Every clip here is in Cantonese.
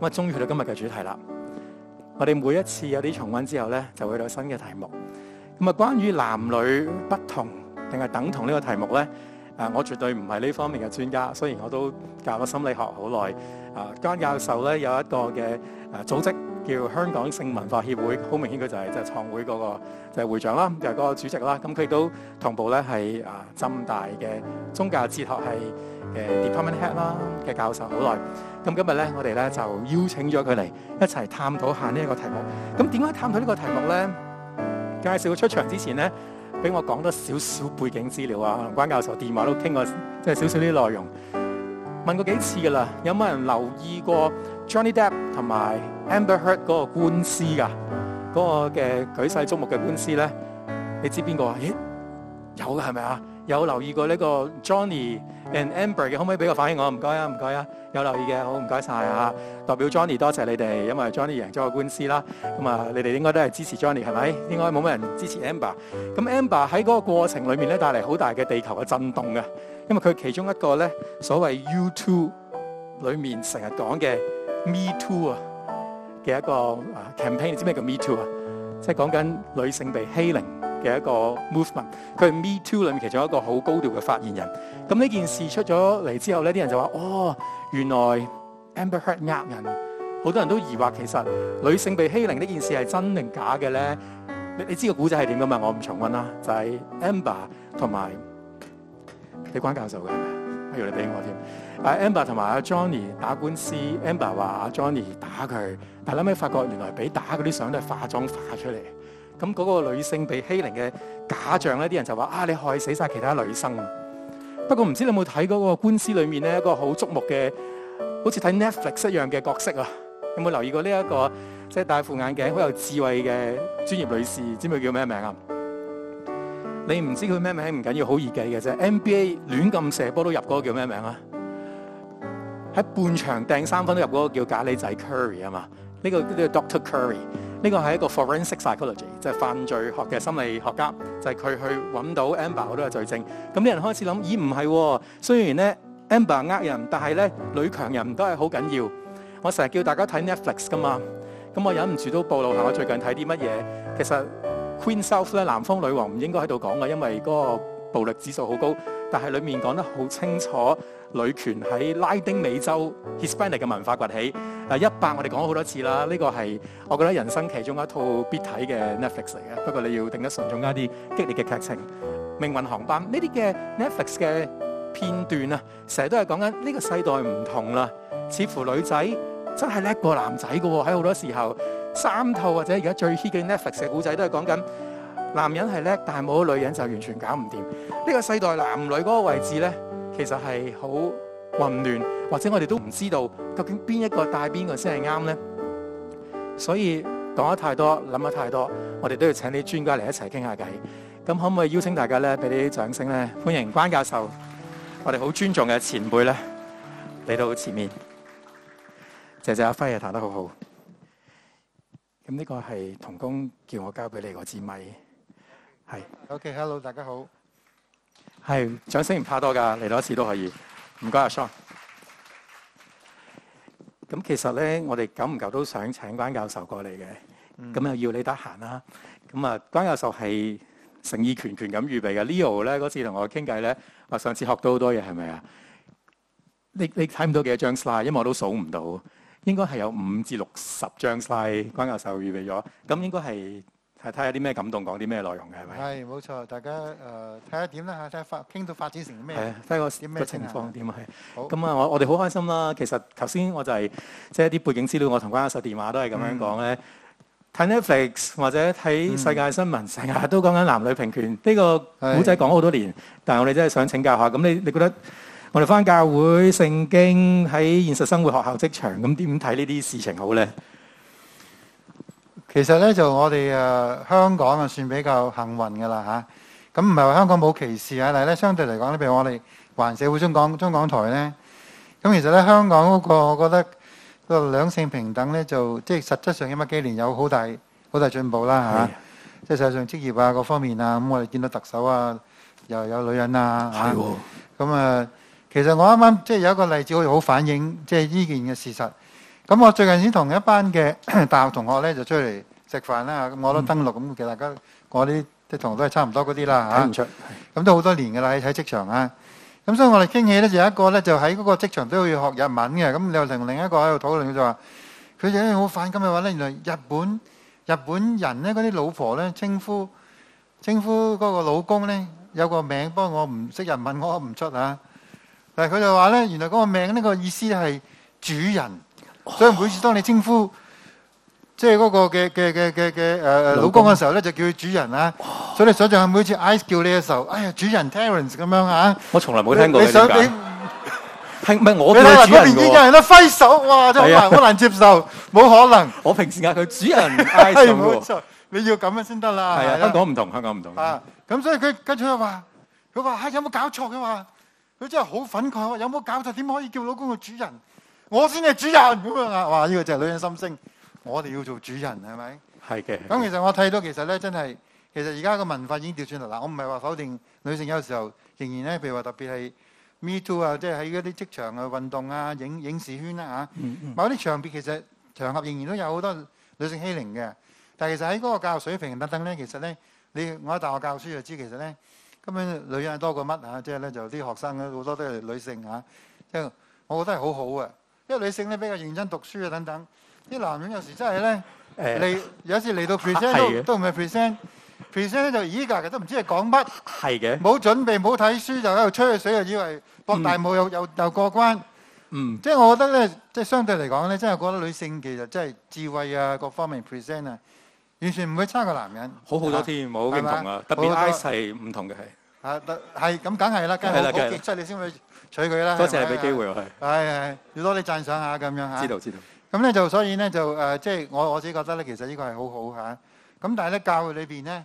咁啊，終於去到今日嘅主題啦！我哋每一次有啲重溫之後呢，就會有新嘅題目。咁啊，關於男女不同定係等同呢個題目呢，誒，我絕對唔係呢方面嘅專家。雖然我都教咗心理學好耐，啊，關教授呢有一個嘅誒組織。叫香港性文化協會，好明顯佢就係即係創會嗰個就係會長啦，就係嗰個主席啦。咁佢亦都同步咧係啊浸大嘅宗教哲學係誒 department head 啦嘅教授好耐。咁今日咧我哋咧就邀請咗佢嚟一齊探討下呢一個題目。咁點解探討呢個題目咧？介紹佢出場之前咧，俾我講多少少背景資料啊。同關教授電話都傾過，即係少少啲內容。問過幾次噶啦，有冇人留意過 Johnny Depp 同埋 Amber Heard 嗰個官司噶，嗰個嘅舉世矚目嘅官司咧，你知邊個啊？咦，有嘅係咪啊？有留意過呢個 Johnny and Amber 嘅，可唔可以俾個反應我？唔該啊，唔該啊，有留意嘅，好，唔該晒！啊！代表 Johnny 多謝你哋，因為 Johnny 贏咗個官司啦。咁啊，你哋應該都係支持 Johnny 係咪？應該冇乜人支持 Amber 咁 Amber 喺嗰個過程裡面咧帶嚟好大嘅地球嘅震動嘅，因為佢其中一個咧所謂 You Too 裡面成日講嘅 Me Too 啊嘅一個 campaign，你知咩叫 Me Too 啊？即係講緊女性被欺凌嘅一個 movement。佢係 Me Too 裏面其中一個好高調嘅發言人。咁呢件事出咗嚟之後呢，啲人就話：哦，原來 Amber Heard 呃人，好多人都疑惑其實女性被欺凌呢件事係真定假嘅咧。你你知個古仔係點噶嘛？我唔重温啦，就係、是、Amber 同埋李關教授嘅。係咪？不如你畀我先。阿 Amber 同埋阿 Johnny 打官司 Amber 話阿 Johnny 打佢，但係後尾發覺原來俾打嗰啲相都係化妝化出嚟。咁、那、嗰個女性被欺凌嘅假象咧，啲人就話：啊，你害死晒其他女生。不過唔知你有冇睇嗰個官司裡面咧一、那個好觸目嘅，好似睇 Netflix 一樣嘅角色啊？有冇留意過呢、這、一個即係、就是、戴副眼鏡、好有智慧嘅專業女士？知唔知佢叫咩名啊？你唔知佢咩名唔緊要，好易記嘅啫。NBA 亂咁射波都入嗰個叫咩名啊？喺半場掟三分都入嗰個叫咖喱仔 Curry 啊嘛，呢、呢個呢、呢個 Doctor Curry，呢個係一個 forensic psychology，即係犯罪學嘅心理學家，就係、是、佢去揾到 Amber 好多嘅罪證。咁啲人開始諗，咦唔係、哦，雖然咧 Amber 呃人，但係咧女強人都係好緊要。我成日叫大家睇 Netflix 㗎嘛，咁我忍唔住都暴露下我最近睇啲乜嘢。其實 Queen South 咧，南方女王唔應該喺度講㗎，因為嗰個暴力指數好高，但係裡面講得好清楚。女權喺拉丁美洲 Hispanic 嘅文化崛起。誒一百我哋講咗好多次啦，呢、這個係我覺得人生其中一套必睇嘅 Netflix 嚟嘅。不過你要定得慎重啲，激烈嘅劇情。命運航班呢啲嘅 Netflix 嘅片段啊，成日都係講緊呢個世代唔同啦。似乎女仔真係叻過男仔㗎喎，喺好多時候。三套或者而家最 hit 嘅 Netflix 嘅古仔都係講緊男人係叻，但係冇咗女人就完全搞唔掂。呢、這個世代男女嗰個位置咧？其實係好混亂，或者我哋都唔知道究竟邊一個帶邊個先係啱咧。所以講咗太多，諗咗太多，我哋都要請啲專家嚟一齊傾下偈。咁可唔可以邀請大家咧，俾啲掌聲咧，歡迎關教授，我哋好尊重嘅前輩咧嚟到前面。謝謝阿輝嘅彈得好好。咁呢個係童工叫我交俾你個支米。係。Okay, hello，大家好。係，掌聲唔怕多㗎，嚟多一次都可以。唔該阿 Shawn。咁其實咧，我哋久唔久都想請關教授過嚟嘅。咁、嗯、又要你得閒啦。咁啊，關教授係誠意拳拳咁預備嘅。Leo 咧嗰次同我傾偈咧，話上次學到好多嘢係咪啊？你你睇唔到幾多張 slide，因為我都數唔到，應該係有五至六十張 slide 關教授預備咗。咁應該係。睇下啲咩感動，講啲咩內容嘅係咪？係冇錯，大家誒睇下點啦嚇，睇、呃、發傾到發展成咩？睇個啲咩情況點係、啊、的好。咁啊，我我哋好開心啦。其實頭先我就係即係一啲背景資料，我同關教授電話都係咁樣講咧。睇、嗯、Netflix 或者睇世界新聞，成日、嗯、都講緊男女平權。呢、這個古仔講咗好多年，的但係我哋真係想請教下。咁你你覺得我哋返教會、聖經喺現實生活、學校、職場，咁點睇呢啲事情好咧？其實咧就我哋誒、呃、香港啊算比較幸運嘅啦嚇，咁唔係話香港冇歧視啊，但係咧相對嚟講咧，譬如我哋環社會中港中港台咧，咁、嗯、其實咧香港嗰個，我覺得個兩性平等咧，就即係實質上咁啊幾年有好大好大進步啦嚇，啊是啊、即係實際上職業啊各方面啊，咁我哋見到特首啊又有女人啊，咁是啊，啊，其實我啱啱即係有一個例子，好好反映即係呢件嘅事實。咁我最近先同一班嘅 大學同學咧，就出嚟食飯啦。咁我都登錄咁，嗯、其實大家我啲啲同學都係差唔多嗰啲啦嚇。睇唔出咁都好多年噶啦，喺喺職場啊。咁所以我哋傾起咧，就有一個咧，就喺嗰個職場都要學日文嘅。咁另外另另一個喺度討論佢就，就話，佢就咧好反感嘅話咧，原來日本日本人咧嗰啲老婆咧稱呼稱呼嗰個老公咧有個名，不過我唔識日文，我唔出啊。但係佢就話咧，原來嗰個名呢、個意思係主人。所以每次當你稱呼即係嗰個嘅嘅嘅嘅嘅誒老公嘅時候咧，就叫佢主人啊。所以你想象下每次 Ice 叫你嘅時候，哎呀主人 Terence 咁樣啊。我從來冇聽過呢個㗎。係咪我對你主人㗎？好難接受，冇可能。我平時嗌佢主人 Ice 嘅喎。冇錯，你要咁樣先得啦。係啊，香港唔同，香港唔同啊。咁所以佢跟住佢話：佢話嚇有冇搞錯？佢話佢真係好憤慨，話有冇搞錯？點可以叫老公嘅主人？我先係主人咁樣啊！哇！呢個就係女人心聲，我哋要做主人係咪？係嘅。咁其實我睇到其實咧，真係其實而家個文化已經調轉啦。嗱，我唔係話否定女性有時候仍然咧，譬如話特別係 Me Too 啊，即係喺一啲職場嘅運動啊、影影視圈啦嚇。某啲場面其實場合仍然都有好多女性欺凌嘅。但係其實喺嗰個教育水平等等咧，其實咧，你我喺大學教書就知，其實咧根本女人多過乜嚇，即係咧就啲學生咧好多都係女性嚇。即係我覺得係好好嘅。因為女性咧比較認真讀書啊等等，啲男人有時真係咧嚟，有時嚟到 present 都唔係 present，present 就而家嘅都唔知係講乜。係嘅，冇準備冇睇書就喺度吹水，啊，以為博大霧又又又過關，嗯，即係我覺得咧，即係相對嚟講咧，真係覺得女性其實真係智慧啊各方面 present 啊，完全唔會差過男人，好好多添。我好認同啊，特別係係唔同嘅係，啊，係咁梗係啦，梗係好傑出你先取佢啦，多謝你俾機會喎，係係係，要多啲讚賞下咁樣嚇。知道知道。咁咧就所以咧就誒，即、呃、係、就是、我我自己覺得咧，其實個、啊、呢個係好好嚇。咁但係咧，教會裏邊咧，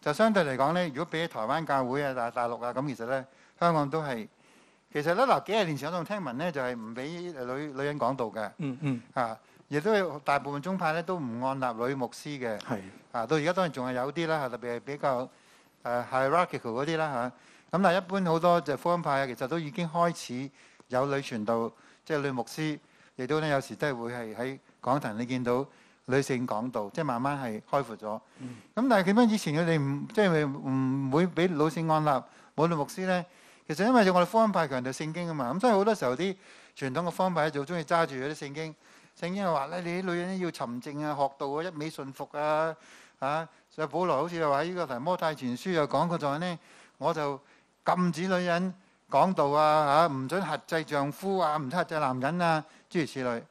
就相對嚟講咧，如果比起台灣教會啊、大大陸啊，咁其實咧，香港都係其實咧嗱，幾廿年前我仲聽聞咧，就係唔俾女女人講道嘅、嗯。嗯、啊、嗯。啊，亦都有大部分宗派咧都唔按立女牧師嘅。係。啊，到而家當然仲係有啲啦，特別係比較誒 hierarchical 嗰啲啦嚇。咁嗱，但一般好多就福音派啊，其實都已經開始有女傳道，即係女牧師，亦都咧有時都係會係喺講壇，你見到女性講道，即係慢慢係開闊咗。咁、嗯、但係點解以前佢哋唔即係唔會俾女性按立？冇女牧師呢？其實因為我哋福音派強調聖經啊嘛，咁所以好多時候啲傳統嘅福音派就中意揸住嗰啲聖經，聖經又話咧，你啲女人要沉靜啊，學道啊，一味順服啊，嚇、啊。所以保羅好似又喺呢個《提摩太前書》又講過在呢。我就。禁止女人講道啊！嚇，唔准轄制丈夫啊，唔得轄制男人啊，諸如此類。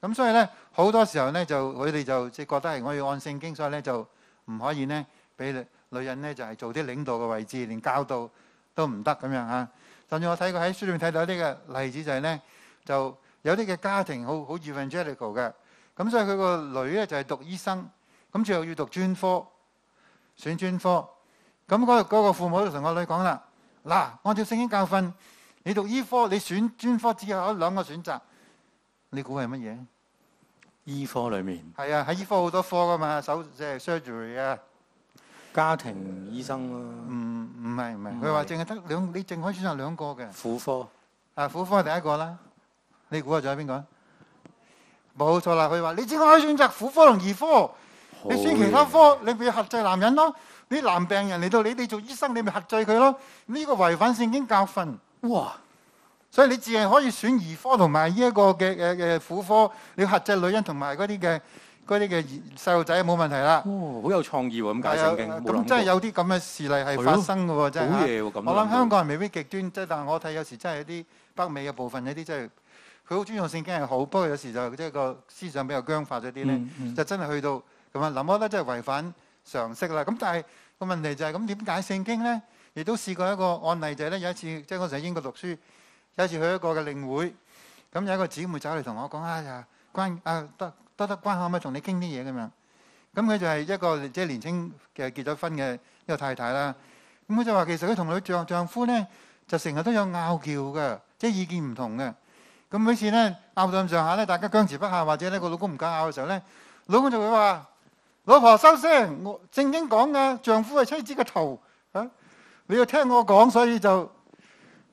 咁所以咧，好多時候咧，就佢哋就即係覺得係我要按聖經，所以咧就唔可以咧俾女人咧就係做啲領導嘅位置，連教導都唔得咁樣嚇。甚至我睇過喺書裏面睇到一啲嘅例子就係咧，就有啲嘅家庭好好 evangelical 嘅，咁所以佢個女咧就係讀醫生，咁最後要讀專科，選專科。咁嗰嗰個父母就同個女講啦。嗱，按照聖經教訓，你讀醫科，你選專科之後，有兩個選擇，你估係乜嘢？醫科裡面係啊，喺醫科好多科㗎嘛，手即係 surgery 啊，家庭醫生咯。唔唔係唔係，佢話淨係得兩，你淨可以選擇兩個嘅。婦科啊，婦科係第一個啦。你估下仲有邊個？冇錯啦，佢話你只可以選擇婦科同兒科，好 你選其他科，啊、你會限制男人咯。啲男病人嚟到，你哋做醫生，你咪核制佢咯，呢個違反聖經教訓，哇！所以你只係可以選兒科同埋呢一個嘅嘅嘅婦科，你核制女人同埋嗰啲嘅啲嘅細路仔冇問題啦。好有創意喎！咁解釋經冇諗過。咁真係有啲咁嘅事例係發生㗎喎，真係。好嘢咁。我諗香港人未必極端，即係但我睇有時真係一啲北美嘅部分一啲真係佢好尊重聖經係好，不過有時就即係個思想比較僵化咗啲咧，就真係去到咁啊！諗開咧，真係違反。常識啦，咁但係個問題就係咁點解聖經咧，亦都試過一個案例就係咧，有一次即係嗰時喺英國讀書，有一次去一個嘅靈會，咁有一個姊妹走嚟同我講啊，關啊得得得關口咪同你傾啲嘢咁樣，咁佢就係一個即係年輕嘅結咗婚嘅一個太太啦，咁佢就話其實佢同佢丈丈夫咧就成日都有拗撬嘅，即係意見唔同嘅，咁每次咧拗到咁上下咧，大家僵持不下，或者咧個老公唔夠拗嘅時候咧，老公就會話。老婆收聲！我正經講㗎，丈夫係妻子嘅頭啊！你要聽我講，所以就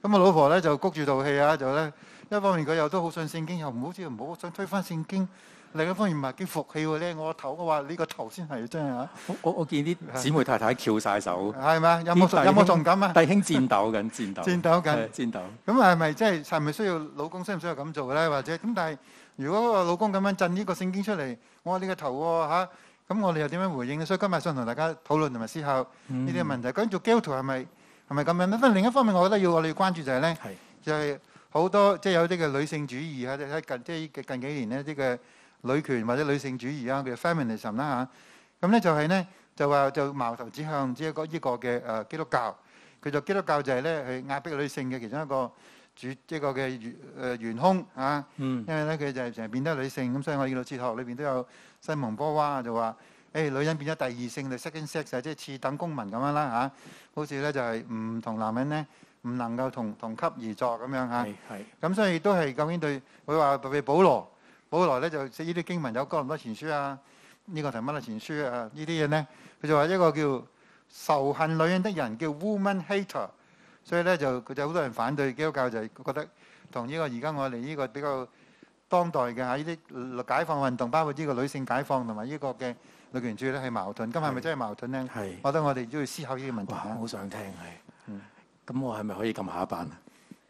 咁啊！老婆咧就谷住條氣啊，就咧一方面佢又都好信聖經，又唔好似唔好想推翻聖經；另一方面唔係幾服氣咧，我、這個頭嘅話呢個頭先係真啊！我我見啲姊妹太太翹晒手，係嘛？有冇有冇仲咁啊？弟兄戰鬥緊，戰鬥戰鬥緊，戰鬥咁係咪即係係咪需要老公需唔需要咁做嘅咧？或者咁但係如果個老公咁樣震呢個聖經出嚟，我話你個頭喎吓！咁我哋又點樣回應咧？所以今日想同大家討論同埋思考呢啲問題。咁做基督徒係咪係咪咁樣咧？但另一方面，我覺得要我哋要關注的就係咧，就係好多即係有啲嘅女性主義啊，即係近即係近幾年呢啲嘅女權或者女性主義 ism，啊，譬如 feminism 啦嚇。咁咧就係呢，就話就矛頭指向即係個依個嘅誒基督教。佢就基督教就係咧係壓迫女性嘅其中一個主，即係個嘅誒元兇嚇。啊嗯、因為咧佢就成日變得女性，咁所以我見到哲學裏邊都有。西蒙波娃就話：誒、哎、女人變咗第二性，就 second sex，就即係次等公民咁樣啦嚇、啊。好似咧就係唔同男人咧，唔能夠同同級而作咁樣嚇。係咁所以都係究竟對。佢話特別保羅，保羅咧就寫呢啲經文有《哥林多前書》啊，呢、這個《提摩太前書》啊，呢啲嘢咧，佢就話一個叫仇恨女人的人叫 woman hater。所以咧就佢就好多人反對基督教就覺得同呢、這個而家我哋呢個比較。當代嘅嚇，呢啲解放運動，包括呢個女性解放同埋呢個嘅女權主義咧，係矛盾。咁係咪真係矛盾咧？係是，我覺得我哋都要思考呢個問題。哇！好想聽係。嗯。咁、嗯、我係咪可以撳下一版啊？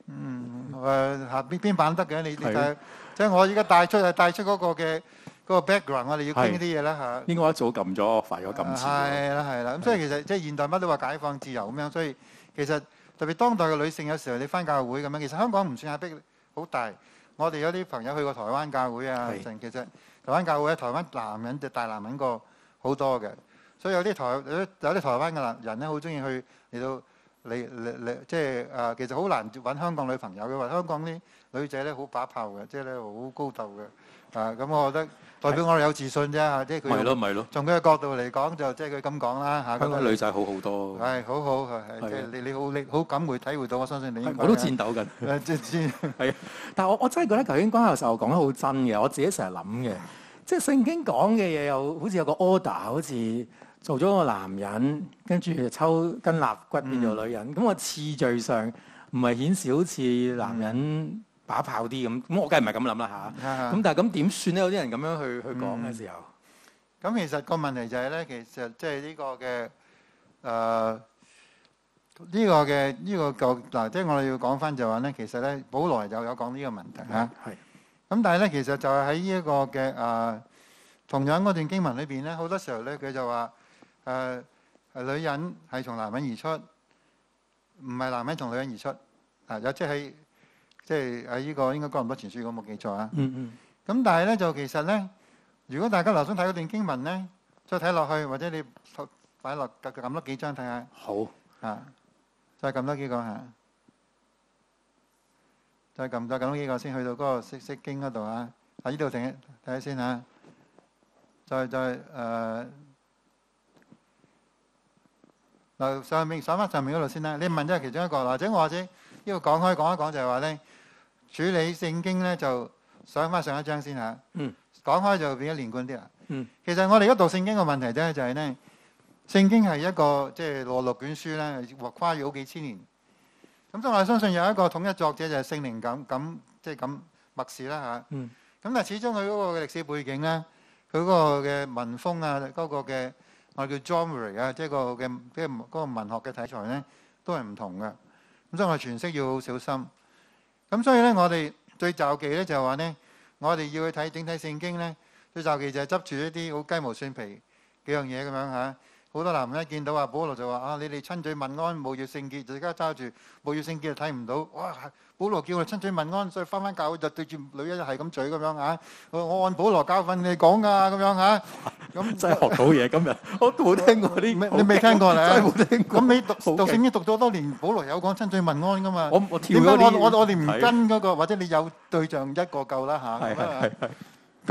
嗯誒，下邊邊版得嘅你你就的即係我而家帶出係帶出嗰個嘅嗰個 background，我哋要傾啲嘢啦嚇。應該一早撳咗，快咗撳咗。係啦係啦，咁的所以其實即係現代乜都話解放自由咁樣，所以其實特別當代嘅女性有時候你返教會咁樣，其實香港唔算壓迫好大。我哋有啲朋友去過台灣教會啊，是其實台灣教會咧，台灣男人就大男人過好多嘅，所以有啲台有啲台灣嘅男人咧，好中意去嚟到嚟嚟嚟，即係啊、呃，其實好難揾香港女朋友嘅，話香港啲女仔咧好把炮嘅，即係咧好高竇嘅，啊、呃，咁、嗯、我覺得。代表我哋有自信啫，即係佢。唔係咯，唔係咯。從佢嘅角度嚟講，就即係佢咁講啦嚇。咁啲女仔好，哎、好好多。係好好係係，即係你你好你好感會體會到，我相信你。我都顫抖緊。即係顫。啊，但係我我真係覺得頭先關教授講得好真嘅，我自己成日諗嘅，即、就、係、是、聖經講嘅嘢，又好似有個 order，好似做咗個男人，跟住抽筋、肋骨變做女人，咁個、嗯、次序上唔係顯示好似男人、嗯。打炮啲咁，咁我梗係唔係咁諗啦嚇。咁但係咁點算咧？有啲人咁樣去去講嘅時候，咁其實個問題就係咧，其實即係呢個嘅誒呢個嘅呢個舊嗱，即係我哋要講返就話咧，其實咧，保羅就有講呢個問題嚇。係。咁但係咧，其實就係喺呢一個嘅誒同樣嗰段經文裏邊咧，好多時候咧，佢就話誒女人係從男人而出，唔係男人從女人而出啊！有即係。即係喺依個應該講唔多傳書，我冇記錯啊。嗯嗯。咁但係咧，就其實咧，如果大家留心睇嗰段經文咧，再睇落去，或者你擺落撳多幾章睇下。好。啊，再撳多幾個嚇，再撳再撳多幾個先去到嗰個釋釋經嗰度啊。喺依度停，睇下先嚇。再再誒，留上面，翻上面嗰度先啦。你問咗其中一個，或者我先。呢個講開講一講就係話咧，處理聖經咧就想返上一章先嚇。嗯、講開就變咗連貫啲啊。嗯、其實我哋而家讀聖經嘅問題咧就係咧，聖經係一個即係、就是、羅羅卷書咧，跨越好幾千年。咁所以我相信有一個統一作者就係聖靈咁咁即係咁默示啦嚇。咁、就是啊嗯、但係始終佢嗰個嘅歷史背景咧，佢嗰個嘅文風啊，嗰個嘅我哋叫 genre 啊，即係個嘅即係嗰個文學嘅題材咧，都係唔同嘅。咁所以我詮釋要好小心，咁所以咧我哋對就記咧就係話呢，我哋要去睇整體聖經呢。對就記就係執住一啲好雞毛蒜皮幾樣嘢咁樣嚇，好多男人一見到阿保羅就話啊，你哋親嘴問安，務要聖潔，而家揸住務要聖潔就睇唔到，哇！ 保羅叫佢親嘴問安，所以翻返教會就對住女一係咁嘴咁樣嚇。我按保羅教訓你講啊，咁樣嚇。咁真係學到嘢，今日我都冇聽過啲，你未聽過啦。真係冇聽過。咁你讀讀聖經讀咗多年，保羅有講親嘴問安噶嘛？我我點解我我我哋唔跟嗰個？或者你有對象一個夠啦嚇。係係係係。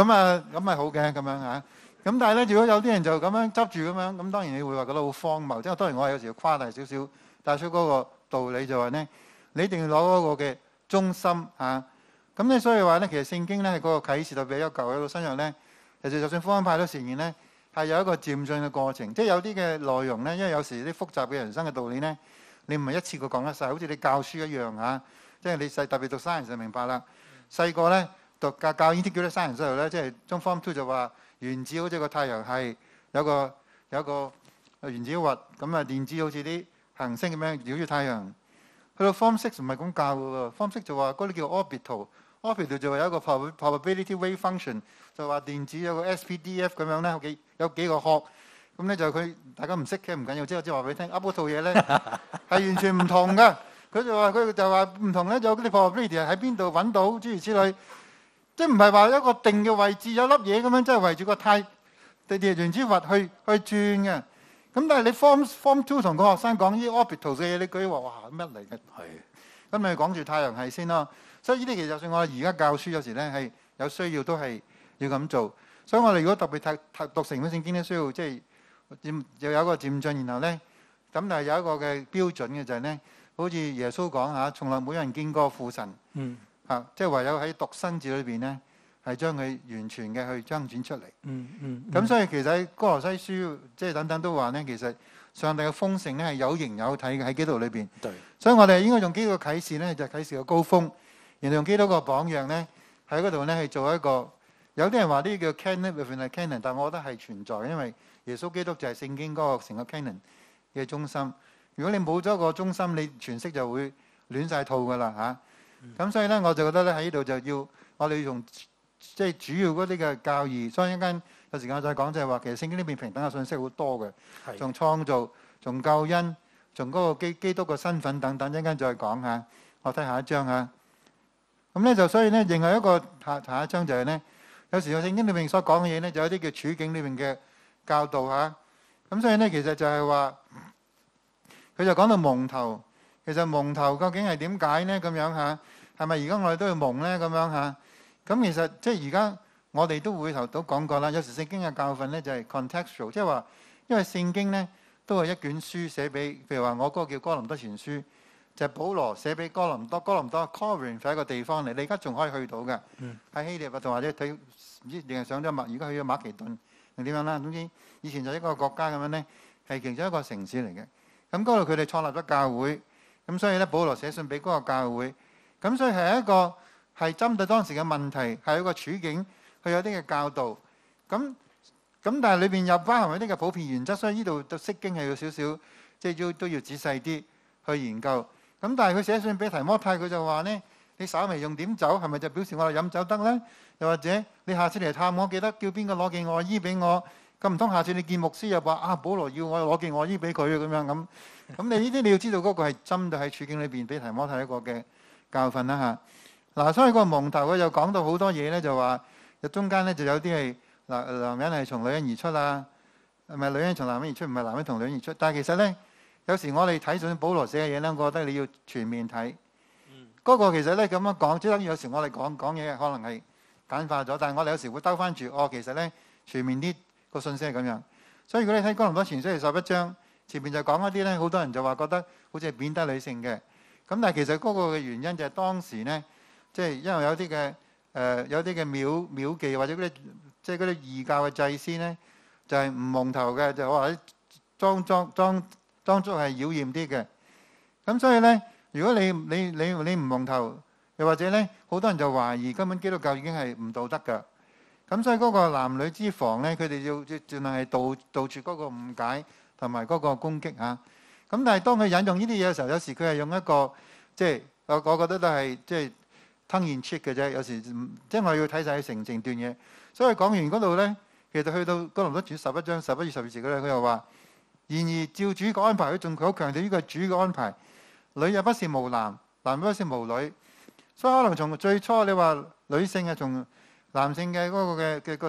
咁啊咁咪好嘅咁樣嚇。咁但係咧，如果有啲人就咁樣執住咁樣，咁當然你會話覺得好荒謬。即係當然我有時誇大少少，但係帶出嗰個道理就話咧。你一定要攞嗰個嘅中心嚇，咁、啊、咧所以話咧，其實聖經咧係嗰個啟示特別悠久，喺個身上咧。其實就算福音派都承認咧，係有一個漸進嘅過程，即係有啲嘅內容咧，因為有時啲複雜嘅人生嘅道理咧，你唔係一次過講得晒，好似你教書一樣嚇、啊。即係你細特別讀生人就明白啦。細個咧讀教教，教，教呢啲叫咧生人之後咧，即係中 Form Two 就話原子好似個太陽系有個有個原子核，咁啊電子好似啲行星咁樣繞住太陽。佢話 form six 唔係咁教喎，form six 就話嗰啲叫 orbital，orbital 就話有一個 probability wave function，就話電子有個 spdf 咁樣咧，有幾個殼，咁咧就佢大家唔識嘅唔緊要，即係即係話俾你聽，噏嗰套嘢咧係完全唔同嘅。佢就話佢就話唔同咧，就嗰啲 probability 係喺邊度揾到，諸如此類，即係唔係話一個定嘅位置有粒嘢咁樣，即係圍住個太原子原子核去去轉嘅。咁但係你 form form two 同個學生講啲 orbital 嘅嘢，你佢話哇乜嚟嘅？係，咁咪講住太陽系先咯。所以呢啲其實就算我哋而家教書有時咧係有需要都係要咁做。所以我哋如果特別睇成本聖經咧，需要即係又有一個漸進，然後咧但係有一個嘅標準嘅就係咧，好似耶穌講嚇，從來冇人見過父神。嗯。嚇、嗯，即係唯有喺獨生子裏邊咧。嗯係將佢完全嘅去爭轉出嚟、嗯。嗯嗯。咁所以其實喺《哥羅西書》即、就、係、是、等等都話咧，其實上帝嘅豐盛咧係有形有體嘅喺基督裏邊。對。所以我哋應該用基督嘅啟示咧，就是、啟示個高峰，然後用基督個榜樣咧，喺嗰度咧係做一個。有啲人話呢叫 Canon within a Canon，但我覺得係存在，因為耶穌基督就係聖經嗰、那個成個 Canon 嘅中心。如果你冇咗個中心，你詮釋就會亂晒套㗎啦嚇。咁、啊嗯、所以咧，我就覺得咧喺呢度就要我哋要用。即係主要嗰啲嘅教義，所以一陣間有時間我再講，就係話其實聖經裏邊平等嘅信息好多嘅，從的創造、從救恩、從嗰個基基督嘅身份等等，一陣間再講下。我睇下一章嚇，咁咧就所以咧，另外一個下下一章就係咧，有時喺聖經裏邊所講嘅嘢咧，就有啲叫處境裏邊嘅教導嚇。咁所以咧，其實就係話佢就講到蒙頭，其實蒙頭究竟係點解呢？咁樣嚇係咪而家我哋都要蒙咧？咁樣嚇。咁其實即係而家我哋都會頭都講過啦。有時聖經嘅教訓咧就係 contextual，即係話，因為聖經咧都係一卷書寫俾，譬如話我嗰個叫哥林多前書，就係、是、保羅寫俾哥林多。哥林多 Corinth 係一個地方嚟，你而家仲可以去到嘅，喺希臘或者或者佢唔知定係上咗馬。而家去咗馬其頓定點樣啦？總之以前就一個國家咁樣咧，係其中一個城市嚟嘅。咁嗰度佢哋創立咗教會，咁所以咧保羅寫信俾嗰個教會，咁所以係一個。係針對當時嘅問題，係一個處境，佢有啲嘅教導咁咁。但係裏邊又包含一啲嘅普遍原則，所以呢度就釋經係要少少即係要都要仔細啲去研究。咁但係佢寫信俾提摩太，佢就話呢，你稍微用點酒，係咪就表示我哋飲酒得呢？又或者你下次嚟探我，記得叫邊個攞件外衣俾我咁唔通？下次你見牧師又話啊，保羅要我攞件外衣俾佢咁樣咁咁。你呢啲你要知道嗰個係針對喺處境裏邊俾提摩太一個嘅教訓啦嚇。啊嗱、啊，所以個蒙頭佢就講到好多嘢咧，就話中間咧就有啲係嗱男人係從女人而出啊，唔係女人從男人而出，唔係男人從女人而出。但係其實咧，有時我哋睇住保羅寫嘅嘢咧，我覺得你要全面睇。嗯。嗰個其實咧咁樣講，即係有時我哋講講嘢可能係簡化咗，但係我哋有時會兜翻住哦，其實咧全面啲個信息係咁樣。所以如果你睇《哥林多前書》第十一章，前面就講一啲咧，好多人就話覺得好似係貶低女性嘅。咁但係其實嗰個嘅原因就係當時咧。即係因為有啲嘅誒，有啲嘅廟廟妓或者嗰啲，即係啲異教嘅祭司咧，就係唔蒙頭嘅，就話裝裝裝裝出係妖艷啲嘅。咁所以咧，如果你你你你唔蒙頭，又或者咧，好多人就懷疑根本基督教已經係唔道德嘅。咁所以嗰個男女之防咧，佢哋要盡量係杜杜絕嗰個誤解同埋嗰個攻擊啊。咁但係當佢引用呢啲嘢嘅時候，有時佢係用一個即係我我覺得都係即係。吞咽 check 嘅啫，有時即係我要睇晒佢成成段嘢。所以講完嗰度呢，其實去到《哥林多書》十一章十一至十二節嗰度，佢又話：然而照主嘅安排，佢仲好強調呢個主嘅安排。女又不是無男，男又不是無女。所以可能從最初你話女性係從男性嘅嗰個嘅嘅、那個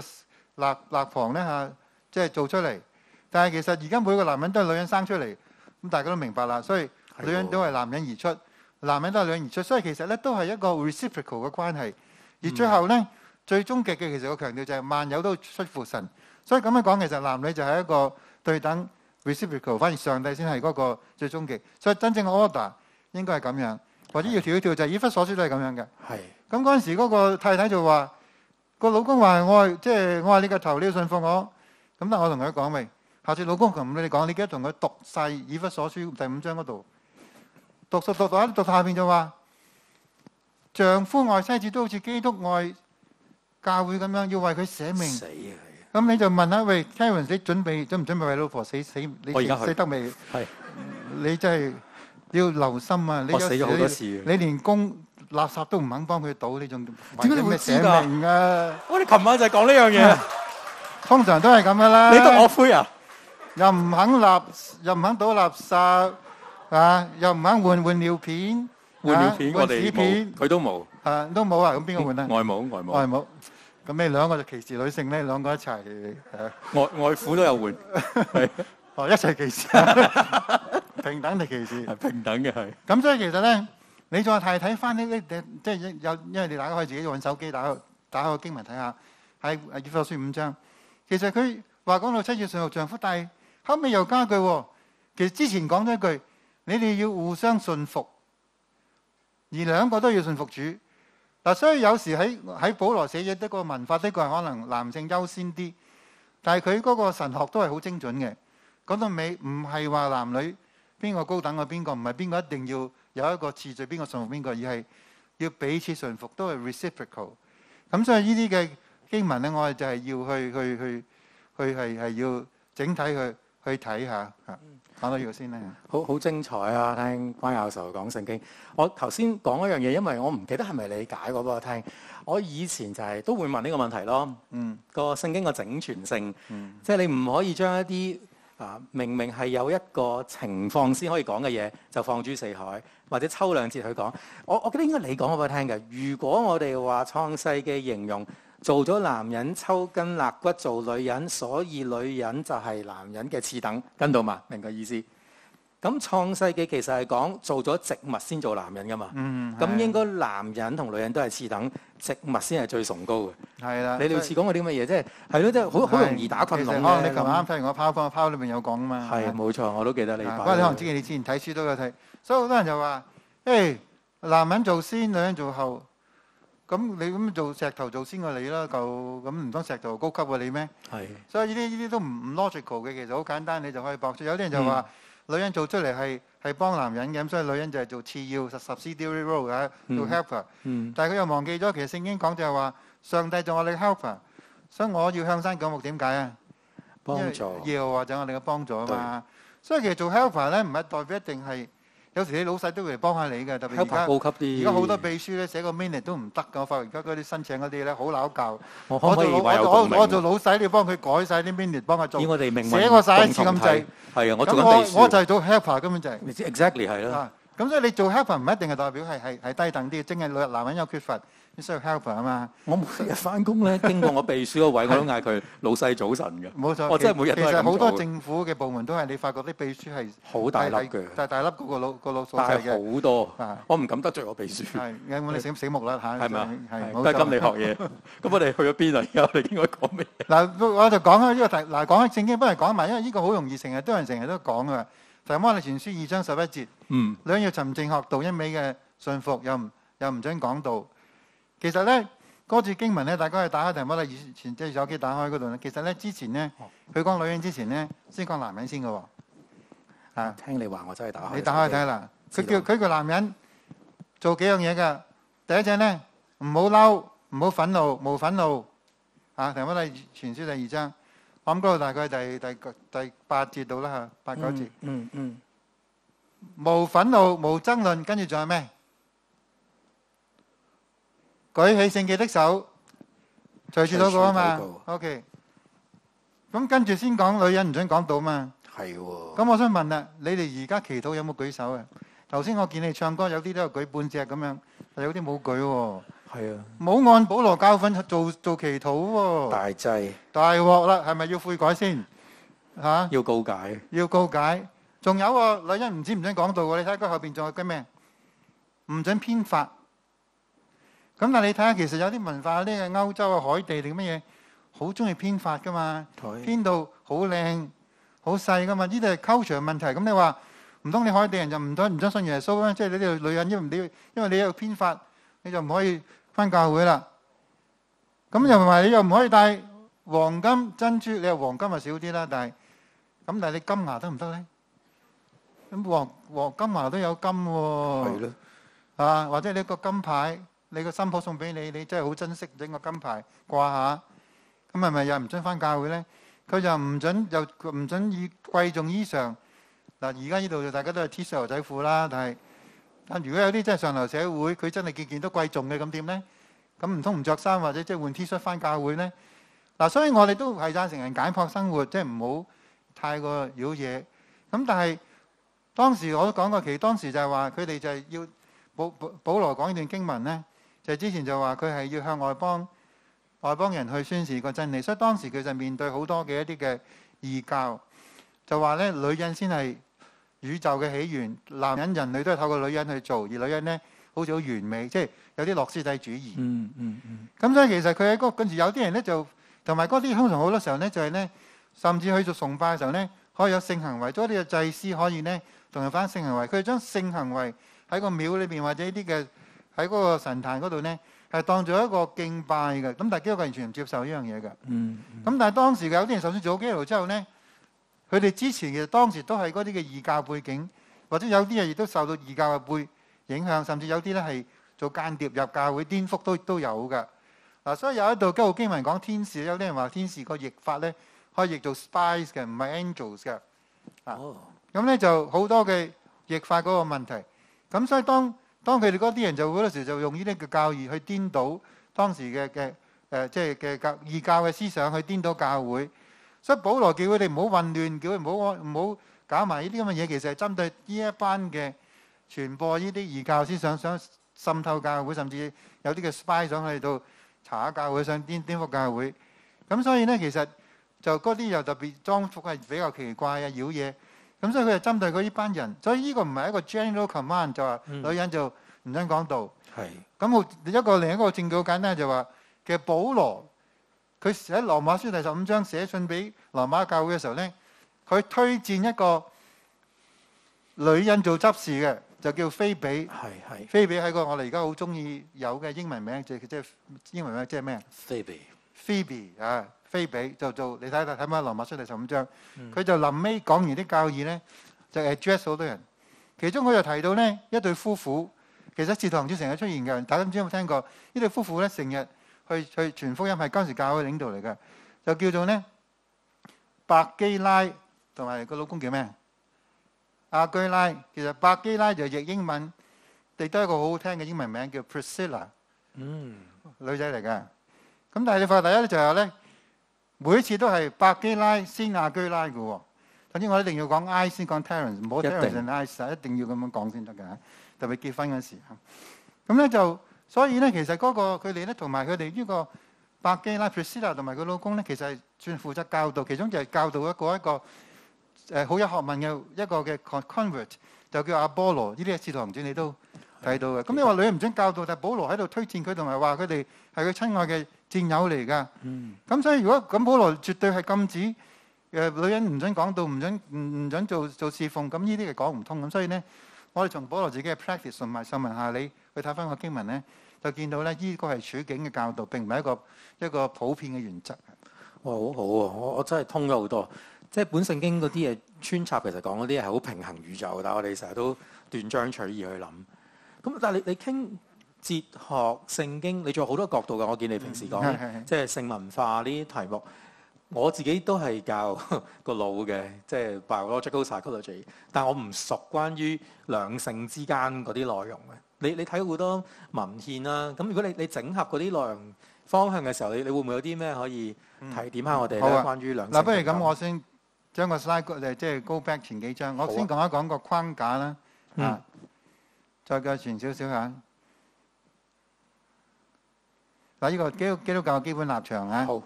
立立房咧嚇，即、啊、係、就是、做出嚟。但係其實而家每個男人都係女人生出嚟，咁、嗯、大家都明白啦。所以女人都係男人而出。男人都係女人出，所以其實咧都係一個 reciprocal 嘅關係。而最後咧、嗯、最終極嘅其實我強調就係萬有都出乎神，所以咁樣講其實男女就係一個對等 reciprocal，反而上帝先係嗰個最終極。所以真正嘅 order 應該係咁樣，或者要跳一跳就係以弗所書都係咁樣嘅。係是。咁嗰陣時嗰個太太就話個老公話我即係、就是、我話你個頭，你要信服我，咁但我同佢講喂，下次老公同你哋講，你記得同佢讀曬以弗所書第五章嗰度。讀讀讀讀喺度下邊就話丈夫愛妻子都好似基督愛教會咁樣，要為佢捨命。咁你就問下喂，Kevin，你準備準唔準備為老婆死死？我而家死得未？係你真係要留心啊！你死咗好多次，你連公垃圾都唔肯幫佢倒，呢種點解你會捨命啊？我哋琴晚就講呢樣嘢，通常都係咁噶啦。你都我灰啊？又唔肯垃，又唔肯倒垃圾。係嘛？又唔肯換換尿片，換尿片我哋冇，佢都冇，啊都冇啊！咁邊個換啊？外母，外母。外母，咁你兩個就歧視女性咧？兩個一齊，外外父都有換，係哦，一齊歧視，平等地歧視，係平等嘅係。咁所以其實咧，你再睇睇翻呢啲，即係有因為你大家可以自己用手機打開打開經文睇下，喺約書亞書五章，其實佢話講到妻子順服丈夫，但係後尾又加句，其實之前講咗一句。你哋要互相信服，而兩個都要信服主。嗱、啊，所以有時喺喺保羅寫嘢，一個文化呢個係可能男性優先啲，但係佢嗰個神學都係好精準嘅。講到尾，唔係話男女邊個高等過邊個，唔係邊個一定要有一個次序，邊個信服邊個，而係要彼此信服，都係 reciprocal。咁、啊、所以呢啲嘅經文咧，我哋就係要去去去去係係要整體去去睇下嚇。講到要先啦。好好精彩啊！聽關教授講聖經，我頭先講一樣嘢，因為我唔記得係咪你解過我俾我聽。我以前就係、是、都會問呢個問題咯。嗯，個聖經個整全性，即係、嗯、你唔可以將一啲啊明明係有一個情況先可以講嘅嘢，就放諸四海或者抽兩節去講。我我記得應該你講我俾我聽嘅。如果我哋話創世嘅形容。做咗男人抽筋肋骨做女人，所以女人就係男人嘅次等，跟到嘛？明白個意思？咁創世記其實係講做咗植物先做男人噶嘛？嗯。咁應該男人同女人都係次等，植物先係最崇高嘅。係啦。你哋好似講過啲乜嘢？即係係咯，都好好容易打群混同，你琴啱睇完我拋講，拋裏面有講啊嘛。係冇錯，我都記得你。不過你可能，你之前睇書都有睇，所以好多人就話，誒，男人做先，女人做後。咁你咁做石頭做先個你啦，夠咁唔通石頭高級個你咩？係。所以呢啲呢啲都唔唔 logical 嘅。其實好簡單，你就可以駁出。有啲人就話女人做出嚟係係幫男人嘅，咁所以女人就係做次要、subsidiary role 嘅，做 helper。嗯。但係佢又忘記咗，其實聖經講就係話上帝做我哋 helper，所以我要向山降服，點解啊？幫助。要或者我哋嘅幫助啊嘛。所以其實做 helper 咧，唔係代表一定係。有時啲老細都會嚟幫下你嘅，特別而家而家好多秘書咧寫個 minute 都唔得嘅，我發覺而家嗰啲申請嗰啲咧好撈舊。我做老 minute，做我，同同我做老細，你要幫佢改曬啲 minutes，幫佢做。我哋命運並唔係我做秘我我就係做 helper 根本就係、是。exactly 係啦、啊。咁所以你做 helper 唔一定係代表係係係低等啲，正、就、係、是、男人有缺乏。你需要 helper 啊嘛！我每日返工咧，經過我秘書個位，我都嗌佢老細早晨嘅。冇錯，我真係每日都係咁做。其實好多政府嘅部門都係，你發覺啲秘書係好大粒嘅，大大粒嗰個老個老闆嚟嘅。但係好多，我唔敢得罪我秘書。係，我哋死死木啦嚇。係咪？係，冇錯。都係咁嚟學嘢。咁我哋去咗邊啊？而家我哋應該講咩？嗱，我就講啦，呢個題嗱講聖經不如講埋，因為呢個好容易成日都有人成日都講嘅。就係《提摩太前書》二章十一節。嗯。兩要沉靜學道，一味嘅順服，又唔又唔準講道。其實咧，嗰段經文咧，大家去打開提前啦？以前即係手機打開嗰度咧。其實咧，之前咧，佢講女人之前咧，先講男人先嘅喎。啊，聽你話，我真係打開。你打開睇下啦。佢叫佢個男人做幾樣嘢㗎？第一隻咧，唔好嬲，唔好憤怒，冇憤怒。啊，提前啦？傳書第二章，我諗嗰度大概第第第八節度啦嚇，八九節。嗯嗯。冇憤怒，冇爭論，跟住仲有咩？舉起聖潔的手，隨住嗰個啊嘛，OK。咁跟住先講女人唔准講道嘛，係喎。咁我想問啦，你哋而家祈禱有冇舉手啊？頭先我見你唱歌，有啲都係舉半隻咁樣，但有啲冇舉喎。係啊，冇按保羅教訓做做祈禱喎。大制，大鑊啦，係咪要悔改先？吓，要告解，要告解。仲有喎，女人唔知唔准講道喎，你睇下佢後邊仲有啲咩？唔准編髮。咁但係你睇下，其實有啲文化，啲嘅歐洲嘅海地定乜嘢，好中意編髮㗎嘛？編到好靚、好細㗎嘛？呢啲係 culture 問題。咁你話唔通你海地人就唔通唔想信耶穌咩？即係你呢度女人，因為你因為你有編髮，你就唔可以返教會啦。咁又唔係你又唔可以戴黃金珍珠。你話黃金咪少啲啦，但係咁但係你金牙得唔得咧？咁黃黃金牙都有金喎。係咯，啊或者你個金牌，你個新抱送俾你，你真係好珍惜，整個金牌掛下，咁係咪又唔准返教會呢？佢就唔准又唔準以貴重衣裳。嗱，而家呢度大家都係 T 恤牛仔褲啦，但係但如果有啲真係上流社會，佢真係件件都貴重嘅，咁點呢？咁唔通唔着衫或者即係換 T 恤返教會呢？嗱，所以我哋都係贊成人簡樸生活，即係唔好太過妖嘢。咁但係當時我都講過，其實當時就係話佢哋就係要保保保羅講呢段經文呢。就之前就話佢係要向外邦外邦人去宣示個真理，所以當時佢就面對好多嘅一啲嘅異教，就話咧女人先係宇宙嘅起源，男人人類都係透過女人去做，而女人呢好似好完美，即係有啲諾斯底主義。嗯嗯嗯。咁、嗯嗯、所以其實佢喺嗰跟住有啲人呢，就同埋嗰啲通常好多時候呢，就係、是、呢，甚至去做崇拜嘅時候呢，可以有性行為，咗啲嘅祭司可以呢，仲有翻性行為，佢將性行為喺個廟裏面，或者一啲嘅。喺嗰個神壇嗰度呢，係當作一個敬拜嘅。咁但係基督徒完全唔接受呢樣嘢嘅。嗯。咁但係當時嘅有啲人，首先做基督徒之後呢，佢哋之前其實當時都係嗰啲嘅異教背景，或者有啲嘢亦都受到異教嘅背影響，甚至有啲呢係做間諜入教會，顛覆都都有嘅。嗱、啊，所以有一道，基督教經文講天使，有啲人話天使個譯法呢，可以譯做、啊、spies 嘅，唔係 angels 嘅。哦。咁咧就好多嘅譯法嗰個問題。咁所以當當佢哋嗰啲人就好多時就用呢啲嘅教義去顛倒當時嘅嘅誒即係嘅教異教嘅思想去顛倒教會，所以保羅叫佢哋唔好混亂，叫佢唔好唔好搞埋呢啲咁嘅嘢。其實係針對呢一班嘅傳播呢啲異教思想，想，想滲透教會，甚至有啲嘅 spy 想去到查下教會，想顛顛覆教會。咁所以咧，其實就嗰啲又特別裝束係比較奇怪啊，妖嘢。咁、嗯、所以佢係針對嗰依班人，所以呢個唔係一個 general command，就話女人就唔想講道。係、嗯。咁我一個另一個證據好簡單就話嘅保羅，佢寫羅馬書第十五章寫信俾羅馬教會嘅時候咧，佢推薦一個女人做執事嘅，就叫菲比。係係。菲比係個我哋而家好中意有嘅英文名，即即英文名即係咩 Phoebe。Phoebe 啊。菲比 就做，你睇睇睇翻《羅馬書》第十五章，佢就臨尾講完啲教義咧，就 address 好多人。其中佢就提到呢，一對夫婦其實使徒行傳成日出現嘅，大家唔知有冇聽過呢對夫婦咧，成日去去傳福音，係當時教會領導嚟嘅，就叫做呢，白基拉同埋個老公叫咩？阿居拉。其實白基拉就係英文，亦都係一個好好聽嘅英文名叫 Priscilla，嗯，女仔嚟嘅。咁但係你發覺第一咧就係話咧。每次都係百基拉先亞居拉嘅喎、哦，總之我一定要講 Ice，先講泰倫斯，唔好泰倫斯 and 埃實，一定要咁樣講先得㗎。特別結婚嗰時，咁咧就所以咧，其實嗰、那個佢哋咧同埋佢哋呢個百基拉、普西拉同埋佢老公咧，其實係算負責教導，其中就係教導一個一個誒、呃、好有學問嘅一個嘅 convert，就叫阿波羅。呢啲係使徒行傳你都睇到嘅。咁你話女唔準教導，但係保羅喺度推薦佢同埋話佢哋係佢親愛嘅。戰友嚟㗎，咁、嗯、所以如果咁，保羅絕對係禁止誒、呃、女人唔準講道、唔準唔唔、嗯、準做做侍奉，咁呢啲係講唔通。咁所以呢，我哋從保羅自己嘅 practice 同埋、嗯，詢問下你去睇返個經文呢，就見到呢，呢個係處境嘅教導，並唔係一個一個普遍嘅原則。哇、哦，好好喎、啊，我我真係通咗好多。即係本聖經嗰啲嘢穿插，其實講嗰啲係好平衡宇宙，但係我哋成日都斷章取義去諗。咁但係你你傾？你哲學、聖經，你仲有好多角度㗎。我見你平時講即係性文化呢啲題目，我自己都係教個腦嘅，即係 Biological Psychology。但我唔熟關於兩性之間嗰啲內容嘅。你你睇好多文獻啦。咁如果你你整合嗰啲內容方向嘅時候，你你會唔會有啲咩可以提點下我哋咧？關於兩性嗱，不如咁，我先將個 slide 即係 go back 前幾張，我先講一講個框架啦。再再前少少眼。嗱，呢個基基督教嘅基本立場啊。好。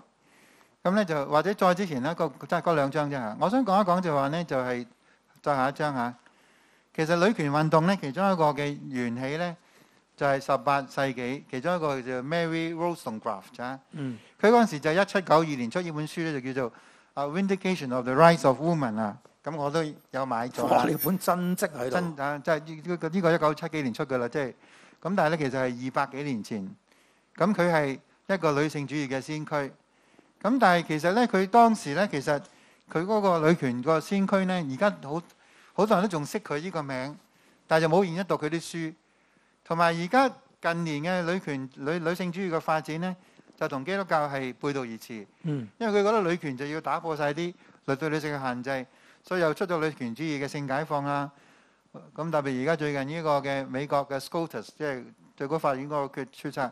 咁咧就或者再之前咧，個即係嗰兩章啫。我想講一講就話、是、呢，就係、是、再下一章嚇。其實女權運動呢，其中一個嘅源起呢，就係十八世紀，其中一個就 Mary Wollstonecraft。嗯。佢嗰陣時就一七九二年出呢本書呢，就叫做《A Vindication of the Rights of Woman》啊。咁我都有買咗。哇！呢本真跡喺度啊！即係呢個一九七幾年出噶啦，即係咁。但係咧，其實係二百幾年前。咁佢係一個女性主義嘅先驅，咁但係其實咧，佢當時咧，其實佢嗰個女權個先驅咧，而家好好多人都仲識佢呢個名，但係就冇人願意讀佢啲書。同埋而家近年嘅女權女女性主義嘅發展咧，就同基督教係背道而馳。嗯，因為佢覺得女權就要打破晒啲男對女性嘅限制，所以又出咗女權主義嘅性解放啊。咁特別而家最近呢個嘅美國嘅 Scotus，即係最高法院嗰個決決策。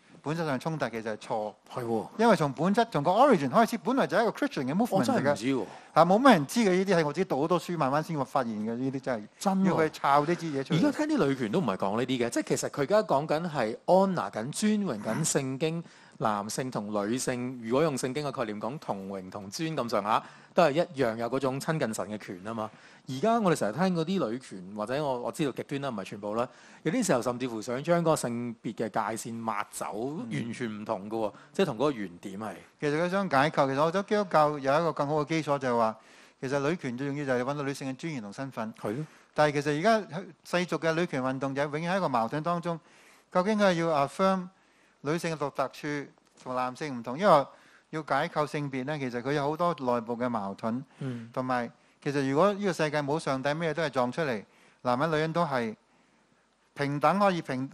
本質上衝突其實係錯，係的因為從本質從個 origin 開始，本來就係一個 Christian 嘅冇 o v e m e n t 嘅，冇咩人知嘅呢啲係我自己讀好多書慢慢先發現嘅呢啲真係真。要去抄呢啲嘢出嚟。而家聽啲女權都唔係講呢啲嘅，即係其實佢而家講緊係安娜緊尊榮緊聖經。嗯男性同女性，如果用聖經嘅概念講，同榮同尊咁上下，都係一樣有嗰種親近神嘅權啊嘛。而家我哋成日聽嗰啲女權，或者我我知道極端啦，唔係全部啦。有啲時候甚至乎想將嗰個性別嘅界線抹走，完全唔同㗎喎，嗯、即係同嗰個原點係。其實佢想解構，其實我覺得基督教有一個更好嘅基礎就，就係話其實女權最重要就係揾到女性嘅尊嚴同身份。係咯。但係其實而家世俗嘅女權運動就永遠喺一個矛盾當中，究竟佢係要 affirm？女性嘅獨特處同男性唔同，因為要解構性別咧，其實佢有好多內部嘅矛盾，同埋、嗯、其實如果呢個世界冇上帝，咩都係撞出嚟，男人女人都係平等可以平，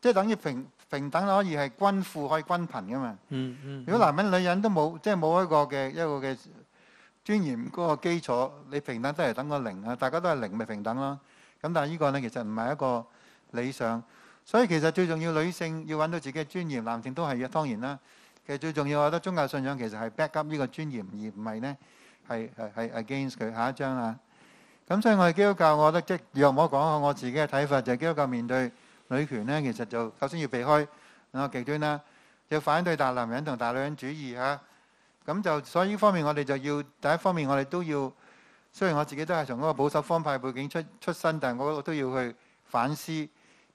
即、就、係、是、等於平平等可以係均富可以均貧㗎嘛。嗯嗯、如果男人、嗯、女人都冇即係冇一個嘅一個嘅尊嚴嗰個基礎，你平等都係等個零啊，大家都係零咪平等咯。咁但係呢個呢，其實唔係一個理想。所以其實最重要，女性要揾到自己嘅尊嚴，男性都係當然啦。其實最重要，我覺得宗教信仰其實係 back up 呢個尊嚴，而唔係咧係係係 against 佢下一章啦。咁所以我哋係基督教，我覺得即若冇講我我自己嘅睇法，就係基督教面對女權咧，其實就首先要避開兩個極端啦，要反對大男人同大女人主義嚇。咁就所以呢方面，我哋就要第一方面，我哋都要。雖然我自己都係從嗰個保守方派背景出出身，但係我我都要去反思。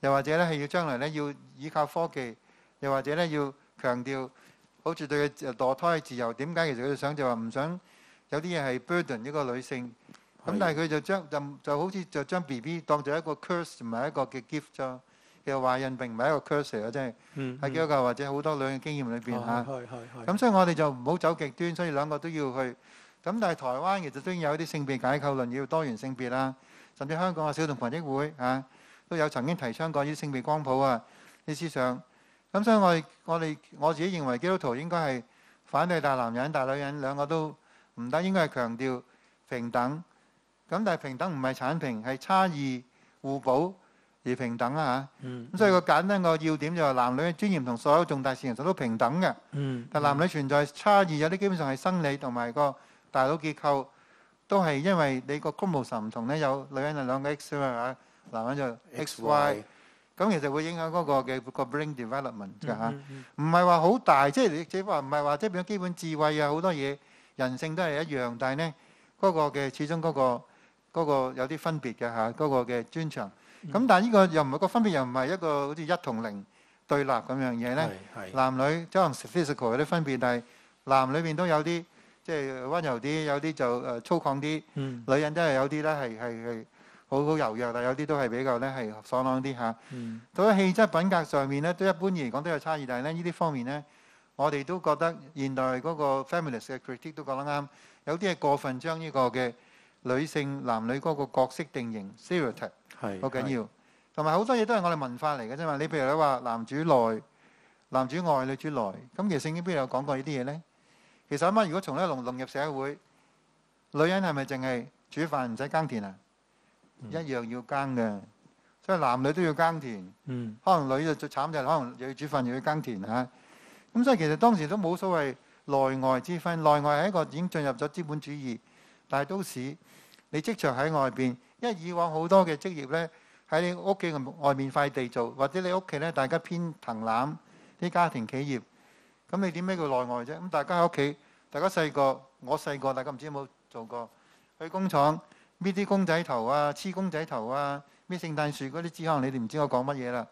又或者咧，係要將來咧，要依靠科技；又或者咧，要強調好似對佢墮胎嘅自由。點解其實佢想就話唔想有啲嘢係 burden 一個女性？咁但係佢就將就就好似就將 B B 當作一個 curse 唔係一個嘅 gift 啫。其實懷孕並唔係一個 curse 啊，真係喺基督教或者好多女嘅經驗裏邊嚇。係係係。咁所以我哋就唔好走極端，所以兩個都要去。咁但係台灣其實都已經有啲性別解構論，要多元性別啦，甚至香港嘅小童群益會嚇。都有曾經提倡過呢啲性別光譜啊，啲思想咁，所以我我哋我自己認為基督徒應該係反對大男人、大女人，兩個都唔得，應該係強調平等。咁但係平等唔係產平等，係差異互補而平等啊嚇。咁所以個簡單個要點就係男女嘅尊嚴同所有重大事情其實都平等嘅。但男女存在差異，有啲基本上係生理同埋個大腦結構都係因為你個構造上唔同咧，有女人係兩個 X 啊嘛。男人就 X、Y，咁其實會影響嗰個嘅個 brain development 嘅嚇，唔係話好大，即係只話唔係話即係變咗基本智慧啊，好多嘢人性都係一樣，但係咧嗰個嘅始終嗰個嗰個有啲分別嘅嚇，嗰個嘅專長。咁但係呢個又唔係個分別，又唔係一個好似一同零對立咁樣嘢咧。係係，男女即係 physical 有啲分別，但係男裏邊都有啲即係温柔啲，有啲就誒粗獷啲。嗯，女人都係有啲咧，係係係。好柔弱，但係有啲都係比較咧係爽朗啲嚇。嗯，咁喺氣質品格上面咧，都一般而言講都有差異。但係咧呢啲方面咧，我哋都覺得現代嗰個 feminist 嘅 critique 都講得啱，有啲係過分將呢個嘅女性男女嗰個角色定型，stereotype 係好緊要，同埋好多嘢都係我哋文化嚟嘅啫嘛。你譬如你話男主內、男主外、女主內，咁其實聖經邊有講過呢啲嘢咧？其實阿媽，如果從呢個農農業社會，女人係咪淨係煮飯唔使耕田啊？一樣要耕嘅，所以男女都要耕田。嗯，可能女就最慘就係可能又要煮飯又要耕田嚇。咁、啊、所以其實當時都冇所謂內外之分，內外係一個已經進入咗資本主義大都市。你職場喺外邊，因為以往好多嘅職業呢，喺你屋企外面塊地做，或者你屋企呢大家編藤籃啲家庭企業。咁你點咩叫內外啫？咁大家喺屋企，大家細個，我細個，大家唔知有冇做過去工廠。搣啲公仔頭啊，黐公仔頭啊，搣聖誕樹嗰啲枝，可能你哋唔知我講乜嘢啦。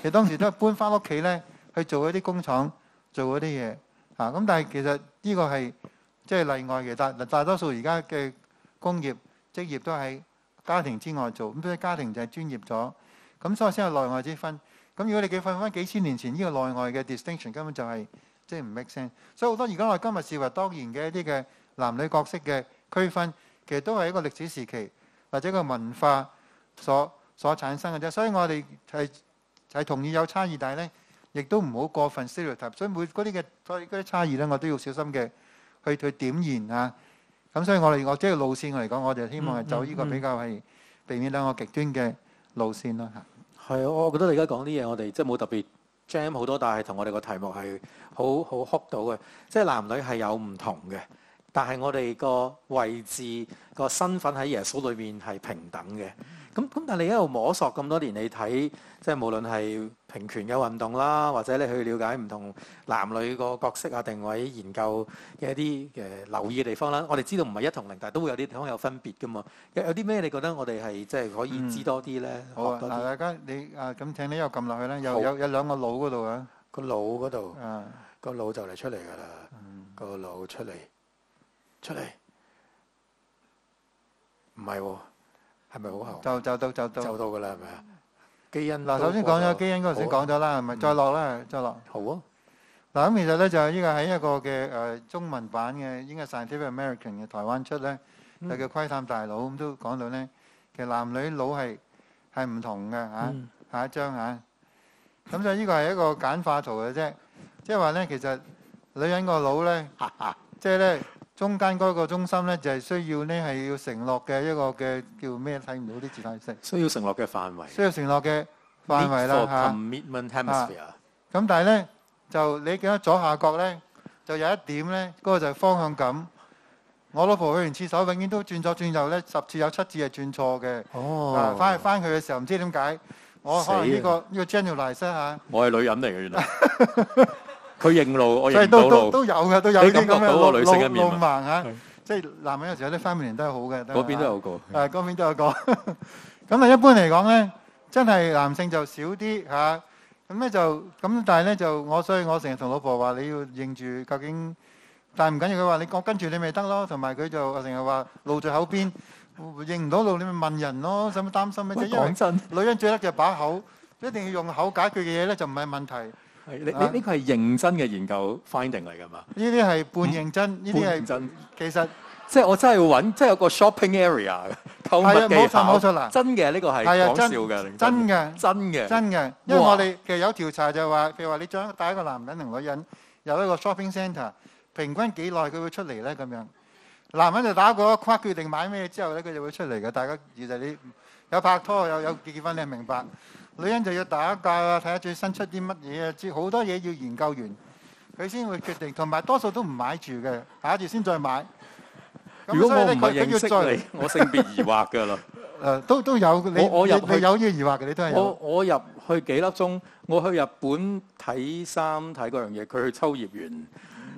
其實當時都係搬翻屋企咧去做一啲工廠，做嗰啲嘢嚇。咁、啊、但係其實呢個係即係例外嘅，但係大多數而家嘅工業職業都喺家庭之外做，咁所以家庭就係專業咗。咁所以先有內外之分。咁如果你記翻返幾千年前呢個內外嘅 distinction，根本就係即係唔 make sense。所以好多而家我今日視為當然嘅一啲嘅男女角色嘅區分。其實都係一個歷史時期，或者個文化所所產生嘅啫。所以我哋係係同意有差異，但係咧，亦都唔好過分 celebrate。所以每嗰啲嘅，所啲差異咧，我都要小心嘅去去，去點燃啊。咁所以我哋我即係路線嚟講，我哋希望係走呢個比較係避免兩個極端嘅路線啦。嚇、嗯。係、嗯、啊、嗯，我覺得你而家講啲嘢，我哋即係冇特別 jam 好多，但係同我哋個題目係好好 cut 到嘅。即係男女係有唔同嘅。但係我哋個位置、個身份喺耶穌裏面係平等嘅。咁咁，但係你一路摸索咁多年，你睇即係無論係平權嘅運動啦，或者你去了解唔同男女個角色啊定位、研究嘅一啲誒、呃、留意嘅地方啦，我哋知道唔係一同一樣，但係都會有啲地方有分別㗎嘛。有有啲咩你覺得我哋係即係可以知多啲咧、嗯？好啊，嗱，大家你啊，咁請你又撳落去啦。有好有有，有兩個腦嗰度啊？個腦嗰度，個、嗯、腦就嚟出嚟㗎啦。個、嗯、腦出嚟。出嚟唔係喎，係咪好後就就到就到就到噶啦，係咪啊？基因嗱，首先講咗基因，我頭先講咗啦，係咪再落啦？再落好啊嗱。咁其實咧就係依個喺一個嘅誒中文版嘅應該《Scientific American》嘅台灣出咧，就叫窺探大腦咁都講到咧。其實男女腦係係唔同嘅啊。下一張啊，咁就依個係一個簡化圖嘅啫，即係話咧，其實女人個腦咧，即係咧。中間嗰個中心咧就係需要咧係要承諾嘅一個嘅叫咩，睇唔到啲字太細。需要承諾嘅範圍。需要承諾嘅範圍啦嚇。咁但係咧就你記得左下角咧就有一點咧，嗰個就係方向感。我老婆去完廁所永遠都轉左轉右咧，十次有七次係轉錯嘅。哦。嗱，翻去翻去嘅時候唔知點解，我可能呢個呢個 generalize 嚇。我係女人嚟嘅原來。佢認路，我認到路。都都有嘅，都有啲咁樣嘅女性嘅面盲。即係男人有時候有啲方面都係好嘅。嗰邊都有個。誒，嗰邊都有個。咁啊，一般嚟講咧，真係男性就少啲嚇。咁咧就咁，但係咧就我，所以我成日同老婆話你要認住究竟。但係唔緊要，佢話你講跟住你咪得咯。同埋佢就成日話路在口邊，認唔到路你咪問人咯，使乜擔心咧？因為，女人最叻就係把口，一定要用口解決嘅嘢咧就唔係問題。係你呢？呢個係認真嘅研究 finding 嚟㗎嘛？呢啲係半認真，呢啲係其實 即係我真係要揾，即係有個 shopping area，冇錯，冇錯喇。真嘅呢、呢個係呀講笑，真嘅，真嘅，真嘅。因為我哋其實有調查就話，譬如話你將帶一個男人同女人有一個 shopping center 平均幾耐佢會出嚟咧？咁樣男人就打個 quick 決定買咩之後咧，佢就會出嚟嘅。大家其實你有拍拖有有結結婚，你係明白。女人就要打一架啊！睇下最新出啲乜嘢啊！好多嘢要研究完，佢先會決定。同埋多數都唔買住嘅，打住先再買。如果我唔認識你，我性別疑惑嘅啦。誒，都都有你，你有啲疑惑嘅，你都係。我我入去幾粒鐘，我去日本睇衫睇嗰樣嘢，佢去秋葉原。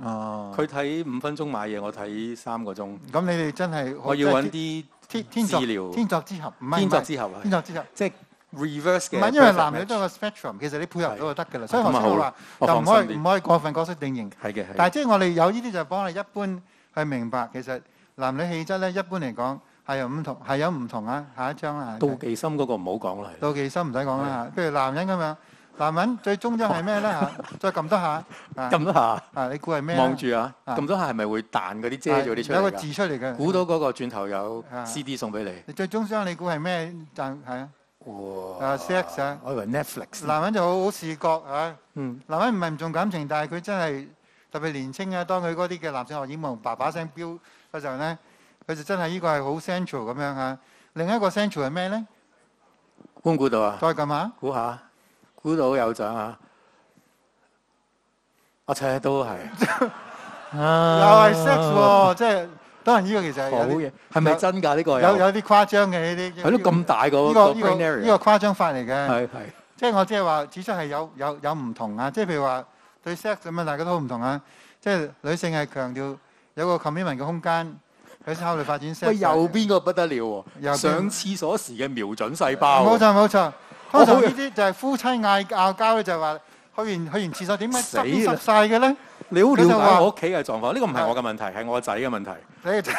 哦。佢睇五分鐘買嘢，我睇三個鐘。咁你哋真係我要揾啲治療天作之合，唔係唔係天作之合，天作之合即係。唔係，因為男女都有個 spectrum，其實你配合唔到就得嘅啦。所以、啊、好啦，就唔可以唔可以過分角色定型。係嘅，係但係即係我哋有呢啲就幫你一般去明白，其實男女氣質咧一般嚟講係有唔同，係有唔同啊。下一張啊。妒忌心嗰個唔好講啦。妒忌心唔使講啦。譬的如男人咁樣，男人最終章係咩咧嚇？ 再撳多下。撳 多下。啊，你估係咩？望住啊！撳多下係咪會彈嗰啲遮咗啲出嚟？有個字出嚟嘅。估到嗰個轉頭有 CD 送俾你。的你最終章你估係咩？賺係啊！啊，sex 啊！哇質我以為 Netflix。男人就好好視覺嚇，嗯，男人唔係唔重感情，但係佢真係特別年青啊。當佢嗰啲嘅男性荷爾蒙爸叭聲飆嘅時候咧，佢就真係依個係好 central 咁樣嚇。另一個 central 係咩咧？估唔估到啊？再講下？估下？估到有獎嚇，啊！阿猜都係。 又係 sex 喎！ 即係。當然呢個其實有嘢，係咪真㗎？呢個有有啲誇張嘅呢啲，係咯咁大個呢個呢個誇張法嚟嘅，係係。即係我即係話，指出係有有有唔同啊！即係譬如話，對 sex 咁樣大家都好唔同啊！即係女性係強調有個 commitment 嘅空間，佢先考慮發展 sex。右邊個不得了喎，上廁所時嘅瞄準細胞。冇錯冇錯，通常呢啲就係夫妻嗌嗌交咧，就話去完去完廁所點解死濕曬嘅咧？你你就話我屋企嘅狀況，呢個唔係我嘅問題，係我個仔嘅問題。你個仔，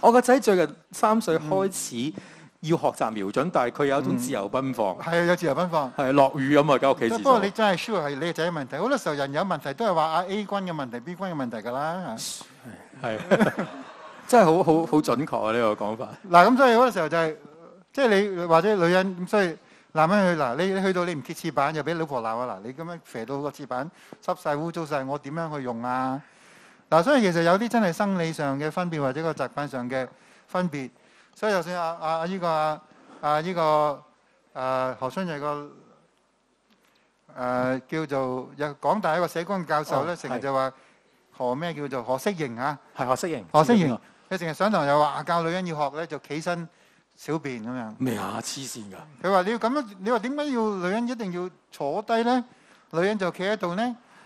我個仔最近三歲開始要學習瞄準，嗯、但係佢有一種自由奔放。係啊、嗯，有自由奔放。係落雨咁啊，喺屋企。不過你真係 sure 係你個仔嘅問題。好多時候人有問題都係話阿 A 君嘅問題、B 君嘅問題㗎啦。係係， 真係好好好準確啊！呢、呢個講法。嗱咁 所以好多時候就係、係，即、就、係、係、你或者女人咁，所以男人去嗱你，去到你唔揭廁板又俾老婆鬧啊！嗱，你咁樣肥到個廁板濕晒污糟晒，我點樣去用啊？嗱，所以其實有啲真係生理上嘅分別，或者個習慣上嘅分別。所以就算阿阿阿依個阿阿依個何春瑞個誒、啊、叫做有港大一個社工教授咧，成日就話何咩叫做何式凝啊，係何式凝，何式凝。佢成日上堂又話教女人要學咧，就企身小便咁樣。咩啊？黐線㗎！佢話你要咁樣，你話點解要女人一定要坐低咧？女人就企喺度咧？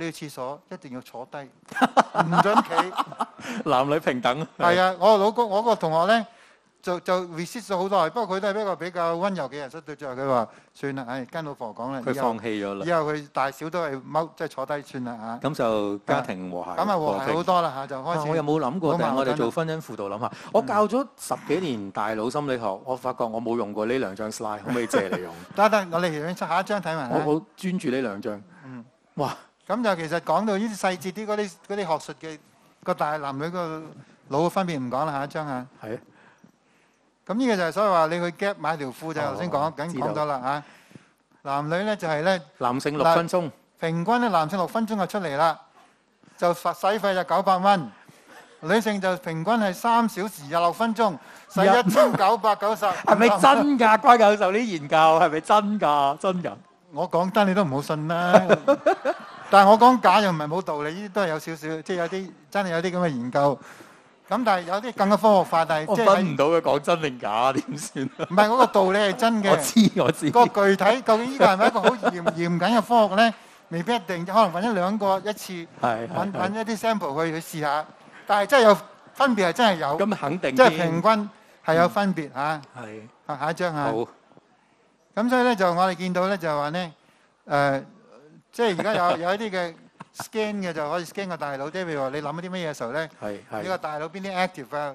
呢個廁所一定要坐低，唔 准企。 男女平等。係、yes. 啊，我老公我個同學咧，就就 research 咗好多，不過佢都係一個比較溫柔嘅人，所以最後佢話：算啦，唉，跟老婆講啦。佢放棄咗啦。以後佢大小都係踎，即係坐低算啦嚇。咁就家庭和諧。咁 mind 啊，和諧好多啦嚇，就開始我。我有冇諗過？我我哋做婚姻輔導諗下，我教咗十幾年大腦心理學，我發覺我冇用過呢兩張 slide，可唔可以借你用？得得， 我哋下一張睇埋。我好專注呢兩張。嗯。哇！ 咁就其實講到呢啲細節啲嗰啲嗰啲學術嘅個大男女個腦嘅分別唔講啦嚇，張嚇。係。咁呢個就係所以話你去 gap 買條褲，就頭先講緊講咗啦嚇。男女咧就係咧。男性六分鐘。平均咧，男性六分鐘就出嚟啦，就洗費就九百蚊。女性就平均係三小時廿六分鐘，洗一千九百九十。係咪真㗎？關教授啲研究係咪真㗎？真人？我講得你都唔好信啦。但係我講假又唔係冇道理，呢啲都係有少少，即係有啲真係有啲咁嘅研究。咁但係有啲更加科學化，但係我分唔到嘅，講真定假點算？唔係，嗰個道理係真嘅。我知，我知。個具體究竟呢個係咪一個好嚴、嚴謹嘅科學咧？未必一定，可能揾一兩個一次，揾、揾一啲 sample 去去試下。但係真係有分別係真係有，咁肯定。即係平均係有分別嚇。係。下一張係。好。咁所以咧就我哋見到咧就係話咧誒。即係而家有有一啲嘅 scan 嘅就可以 scan 個大腦，即係譬如話你諗一啲乜嘢嘅時候咧，呢個大腦邊啲 active 啊？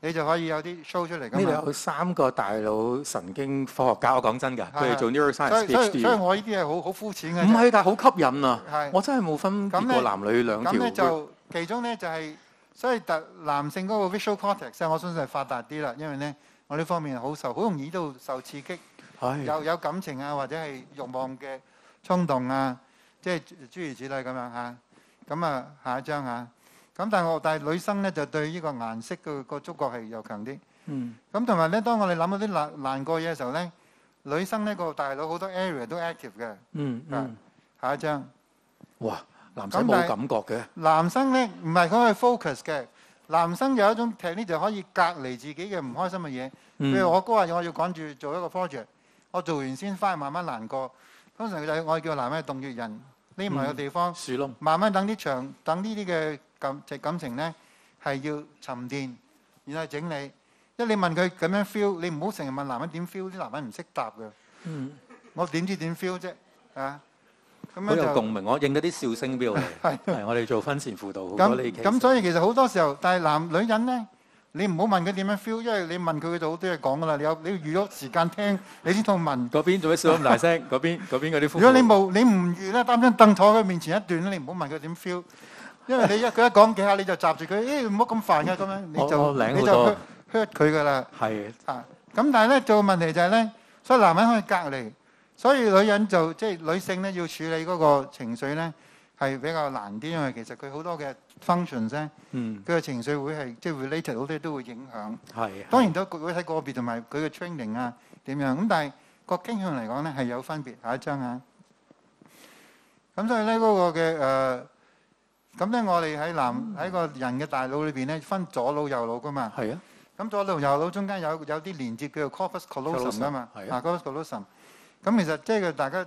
你就可以有啲 show 出嚟㗎嘛。呢度有三個大腦神經科學家，我講真㗎，佢哋做 neuroscience stage。所以所以所以，我呢啲係好好膚淺嘅。唔係，但係好吸引啊！我真係冇分個男女兩條。咁咧就其中咧就係，所以特男性嗰個 visual cortex，我相信係發達啲啦，因為咧我呢方面好受，好容易都受刺激，又有感情啊，或者係慾望嘅衝動啊。即係諸如此類咁樣嚇，咁啊下一張嚇。咁但係我但係女生咧就對呢個顏色嘅個觸覺係又強啲。嗯。咁同埋咧，當我哋諗到啲難難過嘢嘅時候咧，女生呢個大腦好多 area 都 active 嘅。嗯嗯。下一張。哇！男生冇感覺嘅。男生咧唔係佢可以 focus 嘅。男生有一種其實咧就可以隔離自己嘅唔開心嘅嘢。嗯。譬如我哥話要我要趕住做一個 project，我做完先翻去慢慢難過。通常就我哋叫男人係洞穴人，匿埋個地方，嗯、樹窿，慢慢等啲場，等呢啲嘅感即感情咧，係要沉澱，然後整理。因為你問佢咁樣 feel，你唔好成日問男人點 feel，啲男人唔識答嘅。嗯，我點知點 feel 啫？啊，咁樣就好有共鳴，我認得啲笑聲俾我。係 的，我哋做婚前輔導好咁。咁所以其實好多時候，但係男女人咧。你唔好問佢點樣 feel，因為你問佢佢就好多嘢講噶啦。你有你要預咗時間聽，你先同佢問。嗰邊做咩笑咁大聲？嗰邊嗰邊嗰啲風。如果你冇你唔預咧，擔張凳坐佢面前一段咧，你唔好問佢點 feel，因為你一佢一講幾下你就閘住佢，咦唔好咁煩嘅咁樣，你就你就 hurt 佢噶啦。係啊，咁但係咧做個問題就係咧，所以男人可以隔離，所以女人就即係女性咧要處理嗰個情緒咧。係比較難啲，因為其實佢好多嘅 function 咧，佢嘅情緒會係即係 related 好多都會影響。係啊。當然都會喺個別同埋佢嘅 training 啊點樣。咁但係個傾向嚟講咧係有分別。下一張啊。咁、嗯、所以咧嗰個嘅誒，咁、呃、咧我哋喺男喺個人嘅大腦裏邊咧分左腦右腦噶嘛。係啊的。咁左腦右腦中間有有啲連接叫做 corpus callosum 噶嘛。的啊。corpus callosum。咁其實即係個大家。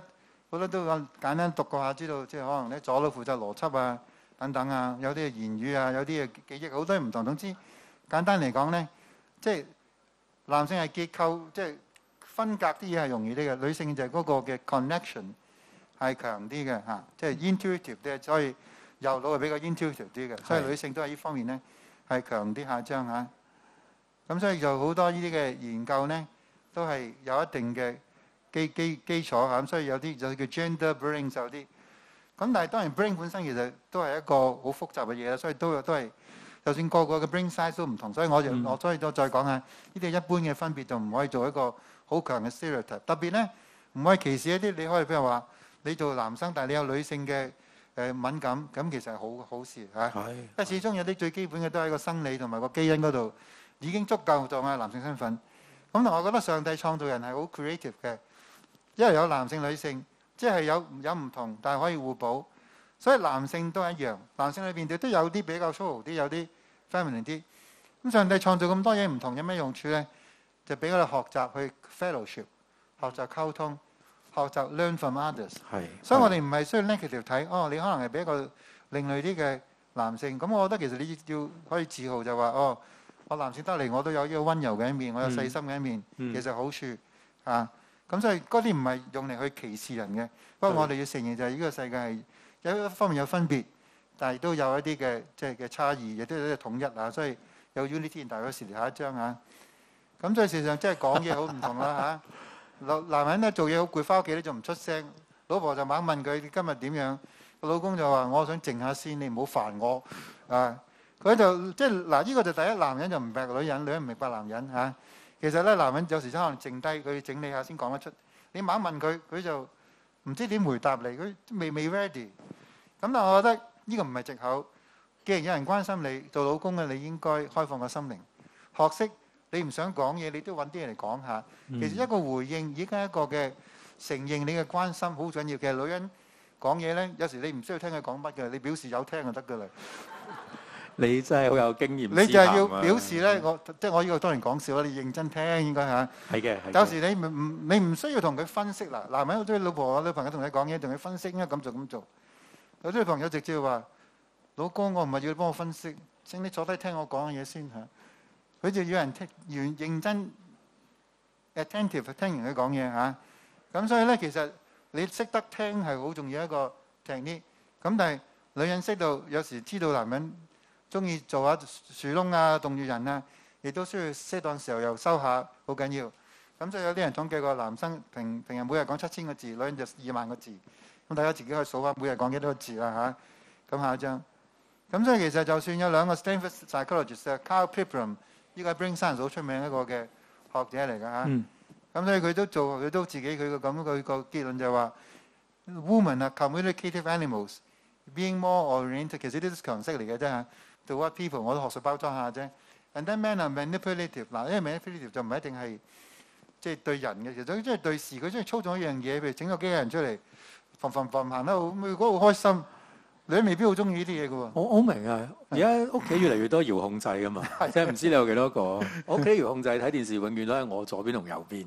好多都簡單讀過下，知道即係可能咧左腦負責邏輯啊等等啊，有啲言語啊，有啲嘅記憶，好多唔同。總之簡單嚟講咧，即係男性係結構，即係分隔啲嘢係容易啲嘅；女性就係嗰個嘅 connection 係強啲嘅嚇，即係 intuitive 啲，所以右腦係比較 intuitive 啲嘅，是所以女性都係呢方面咧係強啲下張嚇。咁所以就好多呢啲嘅研究咧，都係有一定嘅。基基基礎嚇，所以有啲就叫 gender brain，就有啲咁。但係當然 brain 本身其實都係一個好複雜嘅嘢啦，所以都都係就算個個嘅 brain size 都唔同。所以我又我所以我再講下，呢啲一般嘅分別就唔可以做一個好強嘅 stereotype。特別咧唔可以歧視一啲。你可以譬如話你做男生，但係你有女性嘅誒敏感，咁其實係好好事嚇。係，因為始終有啲最基本嘅都喺個生理同埋個基因嗰度已經足夠做個男性身份。咁同我覺得上帝創造人係好 creative 嘅。因為有男性、女性，即係有有唔同，但係可以互補。所以男性都一樣，男性裏邊亦都有啲比較粗豪啲，有啲 feminine 啲。咁上帝創造咁多嘢唔同，有咩用處呢？就俾佢哋學習去 fellowship，學習溝通，學習 learn from others 是。係。所以我哋唔係需要 negative 睇是哦，你可能係俾一個另類啲嘅男性。咁我覺得其實你要可以自豪就話哦，我男性得嚟，我都有呢個温柔嘅一面，我有細心嘅一面，嗯嗯、其實好處啊。咁所以嗰啲唔係用嚟去歧視人嘅，不過我哋要承認就係呢個世界係有一方面有分別，但係都有一啲嘅即係嘅差異，亦都有啲統一啊。所以有 unity 大嗰時下一張啊。咁所以事實上即係講嘢好唔同啦嚇、 啊。男男人咧做嘢好攰，返屋企咧就唔出聲，老婆就猛問佢：今日點樣？個老公就話：我想靜下先，你唔好煩我啊！佢就即係嗱，呢、就是啊呢個就第一，男人就唔明白女人，女人唔明白男人嚇。啊。其實咧，男人有時真可能靜低，佢要整理下先講得出。你猛問佢，佢就唔知點回答你，佢未未 ready。咁但係我覺得呢個唔係藉口。既然有人關心你，做老公嘅你應該開放個心靈，學識你唔想講嘢，你都揾啲人嚟講下。嗯、其實一個回應，而家一個嘅承認你嘅關心好重要嘅。女人講嘢呢，有時你唔需要聽佢講乜嘅，你表示有聽就得㗎喇。 你真係好有經驗，你就係要表示咧，我即係我依個當然講笑啦。你認真聽應該嚇。係嘅，有時你唔唔你唔需要同佢分析嗱，男人好多老婆啊女朋友同你講嘢，同佢分析應該咁做咁做。有啲朋友直接話：老公，我唔係要你幫我分析，請你坐低聽我講嘅嘢先嚇。佢就要有人聽完認真、attentive 聽完佢講嘢嚇。咁所以咧，其實你識得聽係好重要一個聽啲。咁但係女人識到有時知道男人。中意做下樹窿啊、棟住、啊、人啊，亦都需要適當時候又收下，好緊要。咁、嗯、所以有啲人統計過，男生平平日每日講七千個字，女人就二萬個字。咁、嗯、大家自己去數下每日講幾多個字啦吓，咁下一張，咁、嗯、所以其實就算有兩個 Stanford psychologists、啊、Carl Pribram，依個係 brain science 好出名一個嘅學者嚟㗎吓，咁、啊嗯嗯、所以佢都做，佢都自己佢個咁佢個結論就係話，Women are communicative animals，being more oriented，其實呢啲都係強勢嚟嘅啫。吓、啊。做 people 我都學術包裝下啫 And then man manipulative 嗱，因為 manipulative 就唔一定係即係對人嘅，其實佢即係對事，佢即係操作一樣嘢，譬如整個機器人出嚟，煩煩煩行得，如果好開心，你未必好中意呢啲嘢嘅喎。我好明啊，而家屋企越嚟越多遙控掣嘅嘛，即係唔知你有幾多個？我屋企遙控掣睇電視，永遠都喺我左邊同右邊，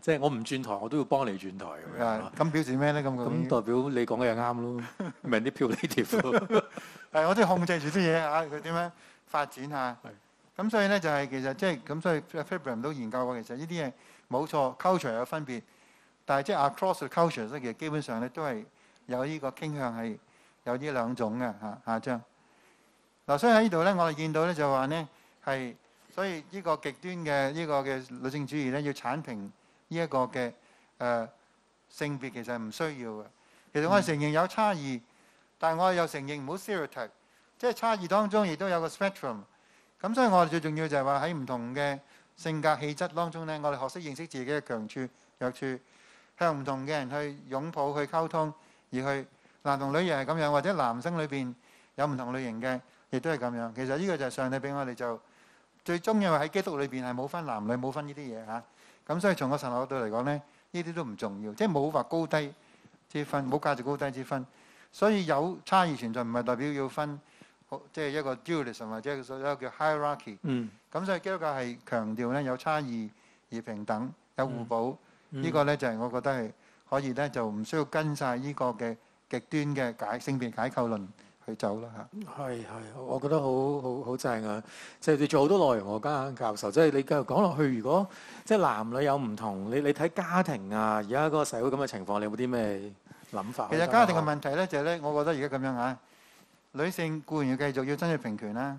即係我唔轉台，我都要幫你轉台。咁表示咩咧？咁咁代表你講嘅嘢啱咯，manipulative。係，我都要控制住啲嘢啊！佢點樣發展嚇？咁所以咧就係其實即係咁，所以 Faber 唔都研究過其實呢啲嘢冇錯 culture 有分別，但係即係 across the culture 咧，其實基本上咧都係有呢個傾向係有呢兩種嘅嚇下張。嗱，所以喺呢度咧，我哋見到咧就話咧係，所以呢個極端嘅呢個嘅女性主義咧，要剷平呢一個嘅誒性別，其實係唔需要嘅。其實我哋承認有差異。但係我又承認，唔好 stereotype，即係差異當中亦都有個 spectrum。咁所以我最重要就係話喺唔同嘅性格氣質當中咧，我哋學識認識自己嘅強處弱處，向唔同嘅人去擁抱去溝通，而去男同女亦係咁樣，或者男生裏邊有唔同類型嘅，亦都係咁樣。其實呢個就係上帝俾我哋就最重要係喺基督裏邊係冇分男女，冇分呢啲嘢嚇。咁所以從個神學角度嚟講咧，呢啲都唔重要，即係冇話高低之分，冇價值高低之分。所以有差異存在唔係代表要分，即係一個 dualism 或者一個叫 hierarchy。嗯。咁所以基督教係強調咧有差異而平等，有互補。呢、嗯、個咧就係我覺得係可以咧就唔需要跟晒呢個嘅極端嘅解性別解構論去走啦嚇。係係，我覺得好好好正啊！就是、你做好多內容喎，關教授。即、就、係、是、你繼續講落去，如果即係、就是、男女有唔同，你你睇家庭啊，而家個社會咁嘅情況，你有冇啲咩？其實家庭嘅問題呢就係呢，我覺得而家咁樣啊，女性固然要繼續要爭取平權啦，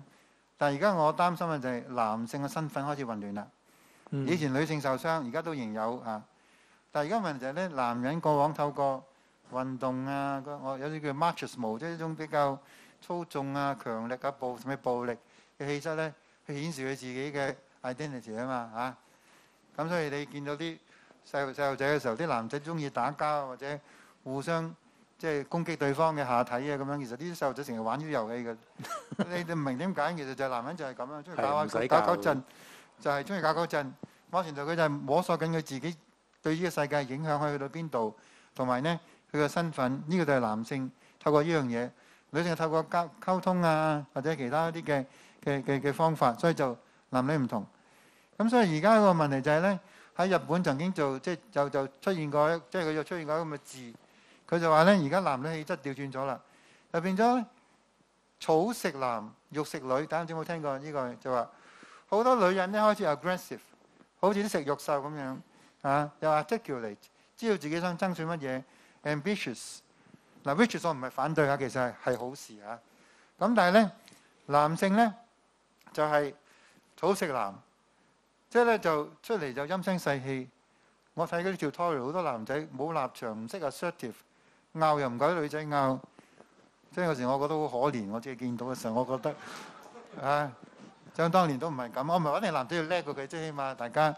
但係而家我擔心嘅就係男性嘅身份開始混亂啦。以前女性受傷，而家都仍有啊，但係而家問題就係呢，男人過往透過運動啊，個我有啲叫 machismo，即係一種比較粗重啊、強力啊、暴咩暴力嘅氣質呢，去顯示佢自己嘅 identity 啊嘛嚇。咁所以你見到啲細路細路仔嘅時候，啲男仔中意打交或者～互相即係攻擊對方嘅下體啊！咁樣其實啲細路仔成日玩呢啲遊戲嘅，你哋唔明點解？其實就係男人就係咁樣，中意搞搞震，就係中意搞搞震。某程度佢就摸索緊佢自己對呢個世界影響可以去到邊度，同埋咧佢嘅身份呢個就係男性透過呢樣嘢，女性透過交溝通啊或者其他一啲嘅嘅嘅嘅方法，所以就男女唔同。咁所以而家個問題就係咧，喺日本曾經就即係就就出現過，即係佢就出現過咁嘅字。佢就話咧，而家男女氣質調轉咗啦，就變咗草食男、肉食女。大家有冇聽過呢個？就話好多女人咧開始 aggressive，好似啲食肉獸咁樣嚇、啊，又 articulate，知道自己想爭取乜嘢，ambitious、啊。嗱 ambitious 我唔係反對啊，其實係係好事啊。咁但係咧，男性咧就係草食男，即係咧就出嚟就陰聲細氣。我睇嗰啲 tutorial 好多男仔冇立場，唔識 assertive。拗又唔怪女仔拗，即係有時我覺得好可憐。我自己見到嘅時候，我覺得唉，想當年都唔係咁。我唔係話你男仔要叻過佢，即係起碼大家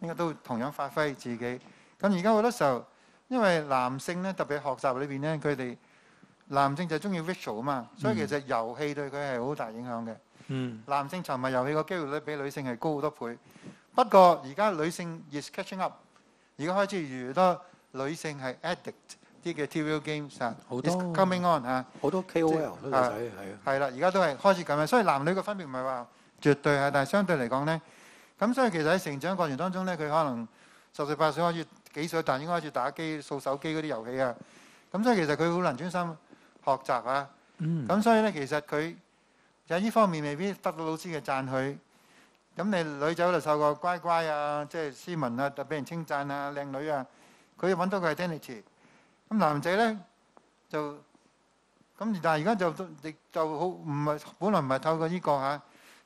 應該都同樣發揮自己。咁而家好多時候，因為男性咧，特別學習裏邊咧，佢哋男性就中意 visual 啊嘛，所以其實遊戲對佢係好大影響嘅。嗯，mm. 男性沉迷遊戲個機會率比女性係高好多倍。不過而家女性 is catching up，而家開始越來越多女性係 addict。啲嘅 TV games 好多 coming on 嚇，好多 KOL 都係係啊，係啦，而家都係開始咁樣。所以男女嘅分別唔係話絕對啊，但係相對嚟講咧，咁所以其實喺成長過程當中咧，佢可能十歲八歲開始幾歲，但應該開始打機、掃手機嗰啲遊戲啊。咁所以其實佢好難專心學習啊。咁所以咧，其實佢就係呢方面未必得到老師嘅讚許。咁你女仔喺度秀個乖乖啊，即係斯文啊，就俾人稱讚啊，靚女啊，佢揾到嘅係 identity。咁男仔呢就咁，但係而家就亦就好唔係本來唔係透過呢個吓，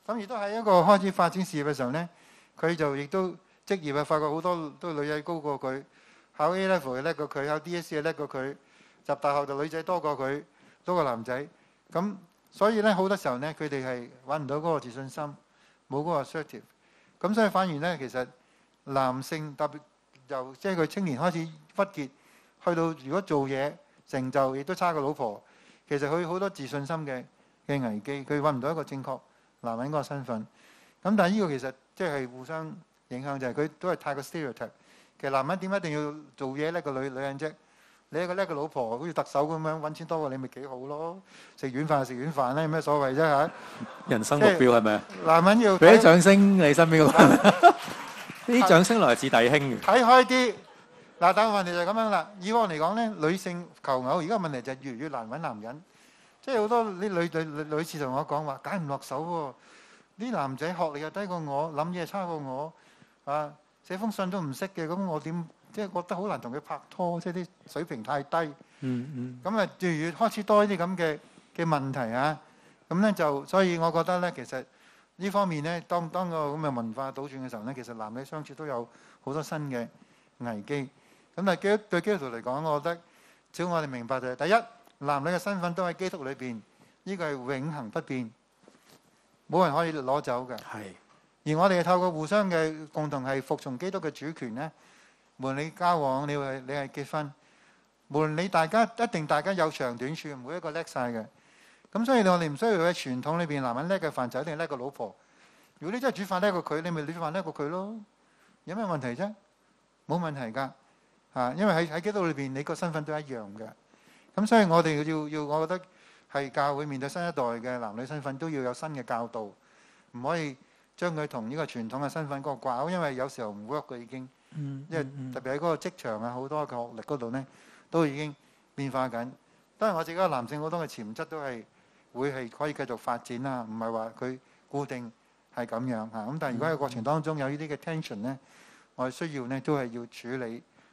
咁、啊、亦都係一個開始發展事業嘅時候呢，佢就亦都職業啊，發覺好多都女仔高過佢，考 A Level 又叻過佢，考 DSE 又叻過佢。入大學就女仔多過佢，多過男仔。咁所以呢好多時候呢，佢哋係揾唔到個自信心，冇個。咁所以反而呢其實男性特別由即係佢青年開始忽結去到如果做嘢成就亦都差個老婆，其實佢好多自信心嘅嘅危機，佢揾唔到一個正確男人嗰個身份。咁但係呢個其實即係互相影響，就係佢都係太過 stereotype。其實男人點解一定要做嘢叻個女女人啫？你一個叻個老婆，好似特首咁樣揾錢多過你，咪幾好咯？食軟飯就食軟飯呢？有咩所謂啫嚇？人生目標係咪啊？ 就係、男人要俾啲掌聲，你身邊嗰個男人。啲 掌聲來自弟兄。 睇開啲。嗱，第一個問題就咁樣啦。以往嚟講咧，女性求偶，而家問題就越嚟越難揾男人。即係好多啲女女女士同我講話，揀唔落手喎、啊。啲男仔學歷又低過我，諗嘢又差過我。啊，寫封信都唔識嘅，咁我點？即係覺得好難同佢拍拖，即係啲水平太低。嗯嗯。咁、嗯、啊，越來越開始多啲咁嘅嘅問題啊。咁咧就，所以我覺得咧，其實呢方面咧，當當個咁嘅文化倒轉嘅時候咧，其實男女相處都有好多新嘅危機。咁但係基對基督徒嚟講，我覺得只要我哋明白就係：第一，男女嘅身份都喺基督裏邊，呢個係永恆不變，冇人可以攞走嘅。係而我哋透過互相嘅共同係服從基督嘅主權咧，無論你交往，你係你係結婚，無論你大家一定大家有長短處，每一個叻晒嘅。咁所以我哋唔需要喺傳統裏邊，男人叻嘅飯就一定叻個老婆。如果你真係煮飯叻過佢，你咪煮飯叻過佢咯，有咩問題啫？冇問題㗎。啊，因為喺喺基督裏邊，你個身份都一樣嘅。咁所以，我哋要要，我覺得係教會面對新一代嘅男女身份，都要有新嘅教導，唔可以將佢同呢個傳統嘅身份嗰個掛鈎，因為有時候唔 work 佢已經。嗯。因為特別喺嗰個職場啊，好多嘅學歷嗰度咧，都已經變化緊。當然，我自己個男性好多嘅潛質都係會係可以繼續發展啦，唔係話佢固定係咁樣吓。咁但係如果喺過程當中有呢啲嘅 tension 咧，我哋需要咧，都係要處理。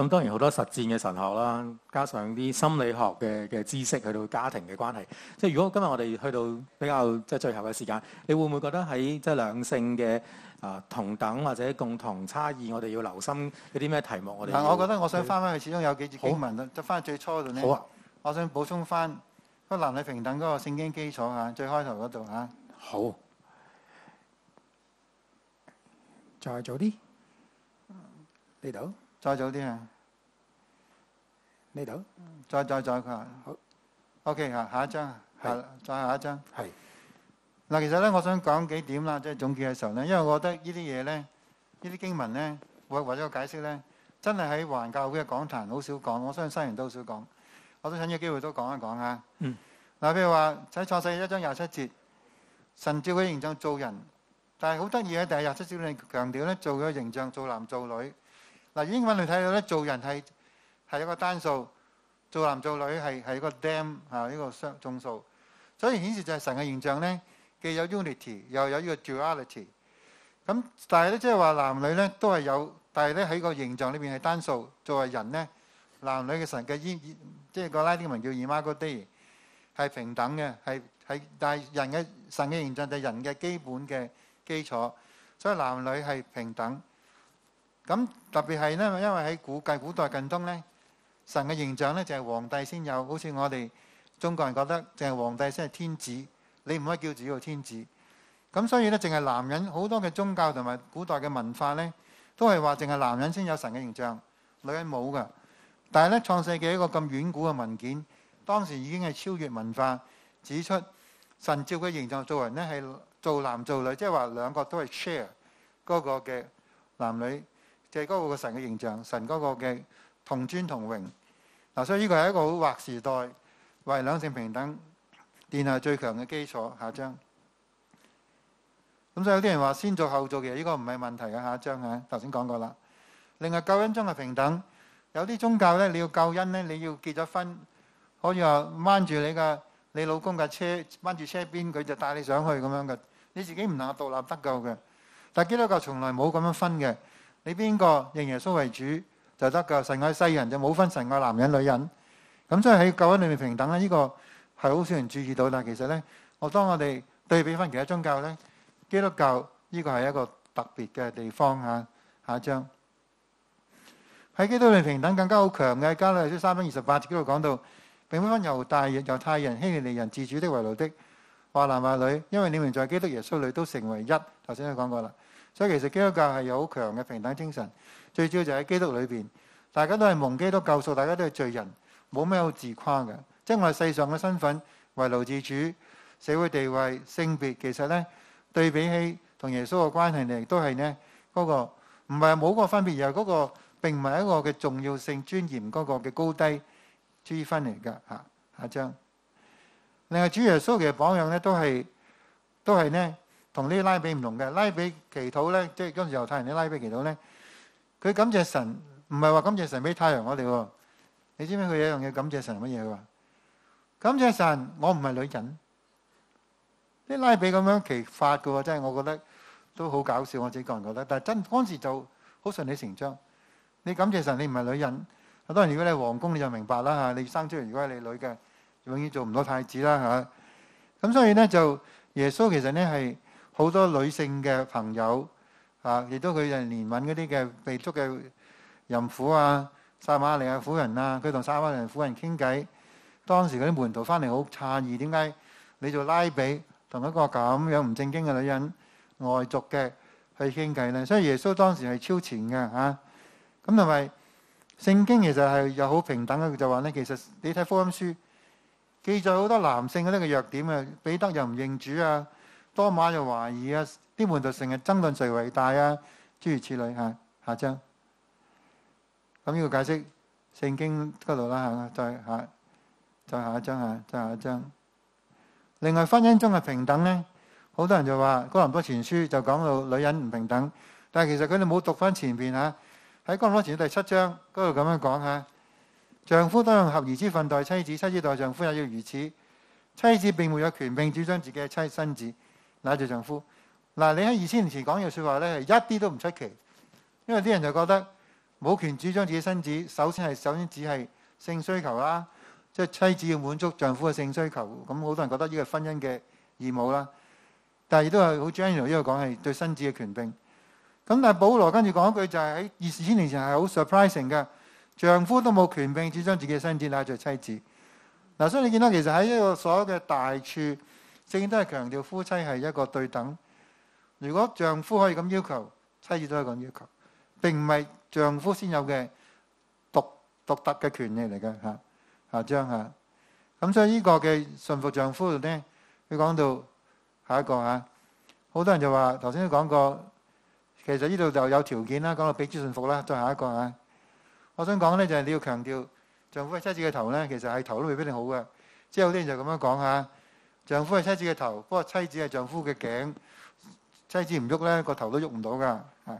咁當然好多實踐嘅神學啦，加上啲心理學嘅嘅知識，去到家庭嘅關係。即係如果今日我哋去到比較即係最後嘅時間，你會唔會覺得喺即係兩性嘅啊同等或者共同差異，我哋要留心有啲咩題目？我哋嗱，我覺得我想翻翻去，始終有幾節經好文就即係翻最初度呢。好啊，我想補充翻嗰男女平等嗰個聖經基礎啊，最開頭嗰度啊。好，再早啲呢度。嗯再早啲啊！呢度再再再佢啊！好，O.K. 啊，下一張啊，係再下一張係嗱。其實咧，我想講幾點啦，即係總結嘅時候咧，因為我覺得呢啲嘢咧，呢啲經文咧，或或者嘅解釋咧，真係喺華人教會嘅講壇好少講，我相信新人都好少講。我都趁呢個機會都講一講啊。嗯，嗱，譬如話喺創世一章廿七節，神照佢形象造人，但係好得意嘅，第廿七節咧強調咧，做嘅形象做男做女。嗱，英文嚟睇到咧，做人係係一個單數，做男做女係係一個 dem、啊、呢個雙眾數，所以顯示就係神嘅形象咧，既有 unity 又有個 duality、嗯、呢個 duality。咁但係咧，即係話男女咧都係有，但係咧喺個形象裏邊係單數。作為人咧，男女嘅神嘅伊即係個拉丁文叫 imago dei，係平等嘅，係係但係人嘅神嘅形象就係人嘅基本嘅基礎，所以男女係平等。咁特別係呢，因為喺古代古代近東呢，神嘅形象呢，就係皇帝先有，好似我哋中國人覺得，淨係皇帝先係天子，你唔可以叫自己做天子。咁所以呢，淨係男人好多嘅宗教同埋古代嘅文化呢，都係話淨係男人先有神嘅形象，女人冇噶。但係呢，創世記一個咁遠古嘅文件，當時已經係超越文化指出神照嘅形象做人呢，係做男做女，即係話兩個都係 share 嗰個嘅男女。即係嗰個神嘅形象，神嗰個嘅同尊同榮嗱、啊，所以呢個係一個好劃時代為兩性平等奠定最強嘅基礎。下一章咁所以有啲人話先做後做嘅，呢、呢個唔係問題嘅。下一章啊，頭先講過啦。另外救恩中嘅平等，有啲宗教咧，你要救恩咧，你要結咗婚，可以話掹住你嘅你老公嘅車，掹住車邊，佢就帶你上去咁樣嘅，你自己唔能夠獨立得救嘅。但基督教從來冇咁樣分嘅。你邊個認耶穌為主就得噶，神愛世人就冇分，神愛男人女人，咁所以喺救恩裏面平等啦。呢、這個係好少人注意到，但係其實呢，我當我哋對比翻其他宗教呢，基督教呢個係一個特別嘅地方吓。下一章喺基，基督裏平等更加好強嘅。加拉太書三章二十八節嗰度講到，並不分猶大猶太人希利尼人自主的為奴的，話男話女，因為你們在基督耶穌裏都成為一。頭先都講過啦。所以其實基督教係有好強嘅平等精神，最主要就喺基督裏邊，大家都係蒙基督救贖，大家都係罪人，冇咩好自誇嘅。即係我哋世上嘅身份、為奴自主、社會地位、性別，其實咧對比起同耶穌嘅關係嚟，都係咧嗰個唔係冇個分別，而係嗰個並唔係一個嘅重要性、尊嚴嗰個嘅高低區分嚟㗎嚇。阿張，另外主耶穌嘅榜樣咧，都係都係咧。同呢啲拉比唔同嘅，拉比祈禱咧，即係嗰時候太陽，你拉比祈禱咧，佢感謝神，唔係話感謝神俾太陽我哋喎。你知唔知佢有一樣嘢感謝神乜嘢？佢話感謝神，我唔係女人。啲拉比咁樣祈法嘅，真係我覺得都好搞笑。我自己個人覺得，但係真當時就好順理成章。你感謝神，你唔係女人。好多人如果你係皇宮，你就明白啦嚇。你生出嚟如果係你女嘅，永遠做唔到太子啦嚇。咁、啊、所以咧就耶穌其實咧係。好多女性嘅朋友啊，亦都佢就連揾嗰啲嘅被捉嘅淫婦啊、撒瑪利亞婦人啊，佢同撒瑪利亞婦人傾偈。當時嗰啲門徒翻嚟好詫異，點解你做拉比同一個咁樣唔正經嘅女人外族嘅去傾偈呢？所以耶穌當時係超前嘅吓。咁同埋聖經其實係又好平等嘅，就話呢，其實你睇福音書記載好多男性嘅呢個弱點啊，彼得又唔認主啊。多馬就懷疑啊，啲門徒成日爭論誰為大啊。諸如此類嚇，下一章。咁呢個解釋聖經嗰度啦嚇，再下再下一章嚇，再下一章。另外婚姻中嘅平等咧，好多人就話《哥林多前書》就講到女人唔平等，但係其實佢哋冇讀翻前邊嚇。喺《哥林多前書》第七章嗰度咁樣講嚇：丈夫當用合宜之分待妻子，妻子待丈夫也要如此。妻子並沒有權柄主張自己嘅妻身子。拿住丈夫，嗱、啊、你喺二千年前講呢句説話咧，係一啲都唔出奇，因為啲人就覺得冇權主張自己身子，首先係首先只係性需求啦、啊，即係妻子要滿足丈夫嘅性需求，咁、嗯、好多人覺得呢個婚姻嘅義務啦、啊。但係亦都係好 general 呢個講係對身子嘅權柄。咁、嗯、但係保羅跟住講一句就係喺二千年前係好 surprising 嘅，丈夫都冇權柄主張自己嘅身子，拿住妻子。嗱、啊，所以你見到其實喺呢個所有嘅大處。正都係強調夫妻係一個對等，如果丈夫可以咁要求，妻子都可以咁要求。並唔係丈夫先有嘅獨獨特嘅權利嚟嘅嚇嚇張嚇。咁、啊啊、所以呢個嘅順服丈夫呢，佢講到下一個嚇，好、啊、多人就話頭先都講過，其實呢度就有條件啦，講到彼此順服啦。再下一個嚇、啊，我想講呢，就係、是、你要強調丈夫係妻子嘅頭呢，其實係頭都未必好嘅。之後好多人就咁樣講嚇。啊丈夫係妻子嘅頭，不過妻子係丈夫嘅頸。妻子唔喐咧，個頭都喐唔到㗎。係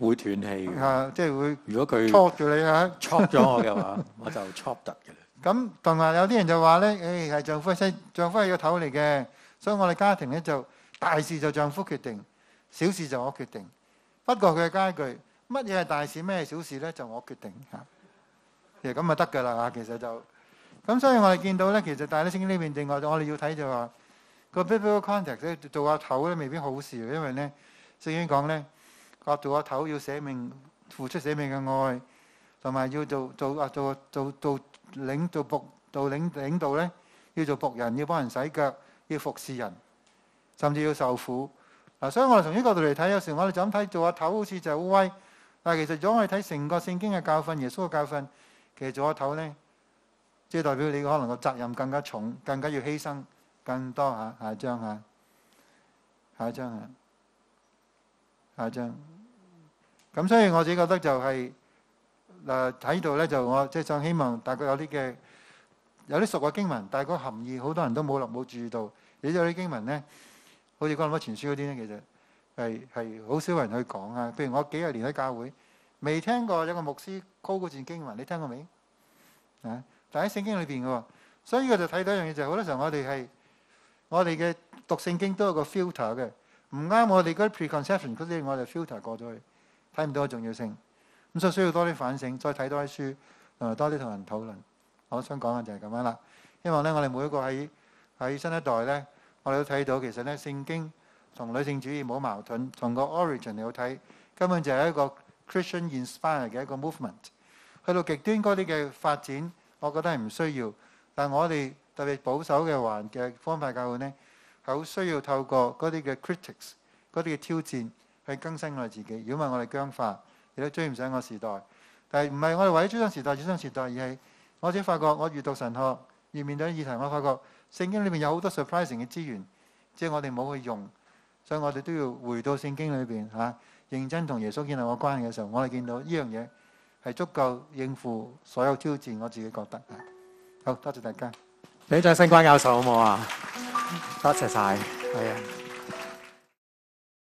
會斷氣。係即係會。如果佢錯住你啊，錯咗我嘅話，我就錯突嘅啦。咁同埋有啲人就話咧，誒係丈夫係妻，丈夫係個頭嚟嘅，所以我哋家庭咧就大事就丈夫決定，小事就我決定。不過佢嘅家具，乜嘢係大事，咩係小事咧，就我決定嚇。其實咁就得㗎啦，其實就。咁所以我哋見到咧，其實大《大衛聖經》呢邊另外我，我哋要睇就話個 biblical context 做阿頭咧，未必好事，因為咧聖經講咧，個做阿頭要捨命、付出捨命嘅愛，同埋要做做啊做做做領做僕做，做領領導咧，要做僕人，要幫人洗腳，要服侍人，甚至要受苦。嗱、啊，所以我哋從呢個角度嚟睇，有時我哋就咁睇做阿頭好似就係好威，但係其實如果我哋睇成個聖經嘅教訓、耶穌嘅教訓，其實做阿頭咧。即係代表你可能個責任更加重，更加要犧牲更多嚇。下一章嚇，下一章嚇，下一章咁。所以我自己覺得就係嗱喺呢度咧，就我即係想希望大家有啲嘅有啲熟嘅經文，但係個含義好多人都冇冇注意到。而且有啲經文咧，好似講乜前書嗰啲咧，其實係係好少有人去講啊。譬如我幾廿年喺教會未聽過有個牧師高古段經文，你聽過未啊？但喺聖經裏邊嘅，所以我就睇到一樣嘢，就係好多時候我哋係我哋嘅讀聖經都有個 filter 嘅，唔啱我哋嗰啲 preconception 嗰啲，我哋 filter 過咗去，睇唔到重要性。咁所以需要多啲反省，再睇多啲書，同埋多啲同人討論。我想講嘅就係咁樣啦。希望咧，我哋每一個喺喺新一代咧，我哋都睇到其實咧，聖經同女性主義冇矛盾。從個 origin 嚟睇，根本就係一個 Christian-inspired 嘅一個 movement。去到極端嗰啲嘅發展。我覺得係唔需要，但係我哋特別保守嘅環境、方法教會呢，係好需要透過嗰啲嘅 critics、嗰啲嘅挑戰，去更新我哋自己。如果唔係，我哋僵化，亦都追唔上個時代。但係唔係我哋為咗追上時代、追上時代而係，我自己發覺我閱讀神學，而面對啲議題，我發覺聖經裏面有好多 surprising 嘅資源，即係我哋冇去用，所以我哋都要回到聖經裏邊嚇，認真同耶穌建立我關係嘅時候，我哋見到依樣嘢。係足夠應付所有挑戰，我自己覺得，好多謝大家。俾個掌聲關教授好冇啊？多謝曬，係啊。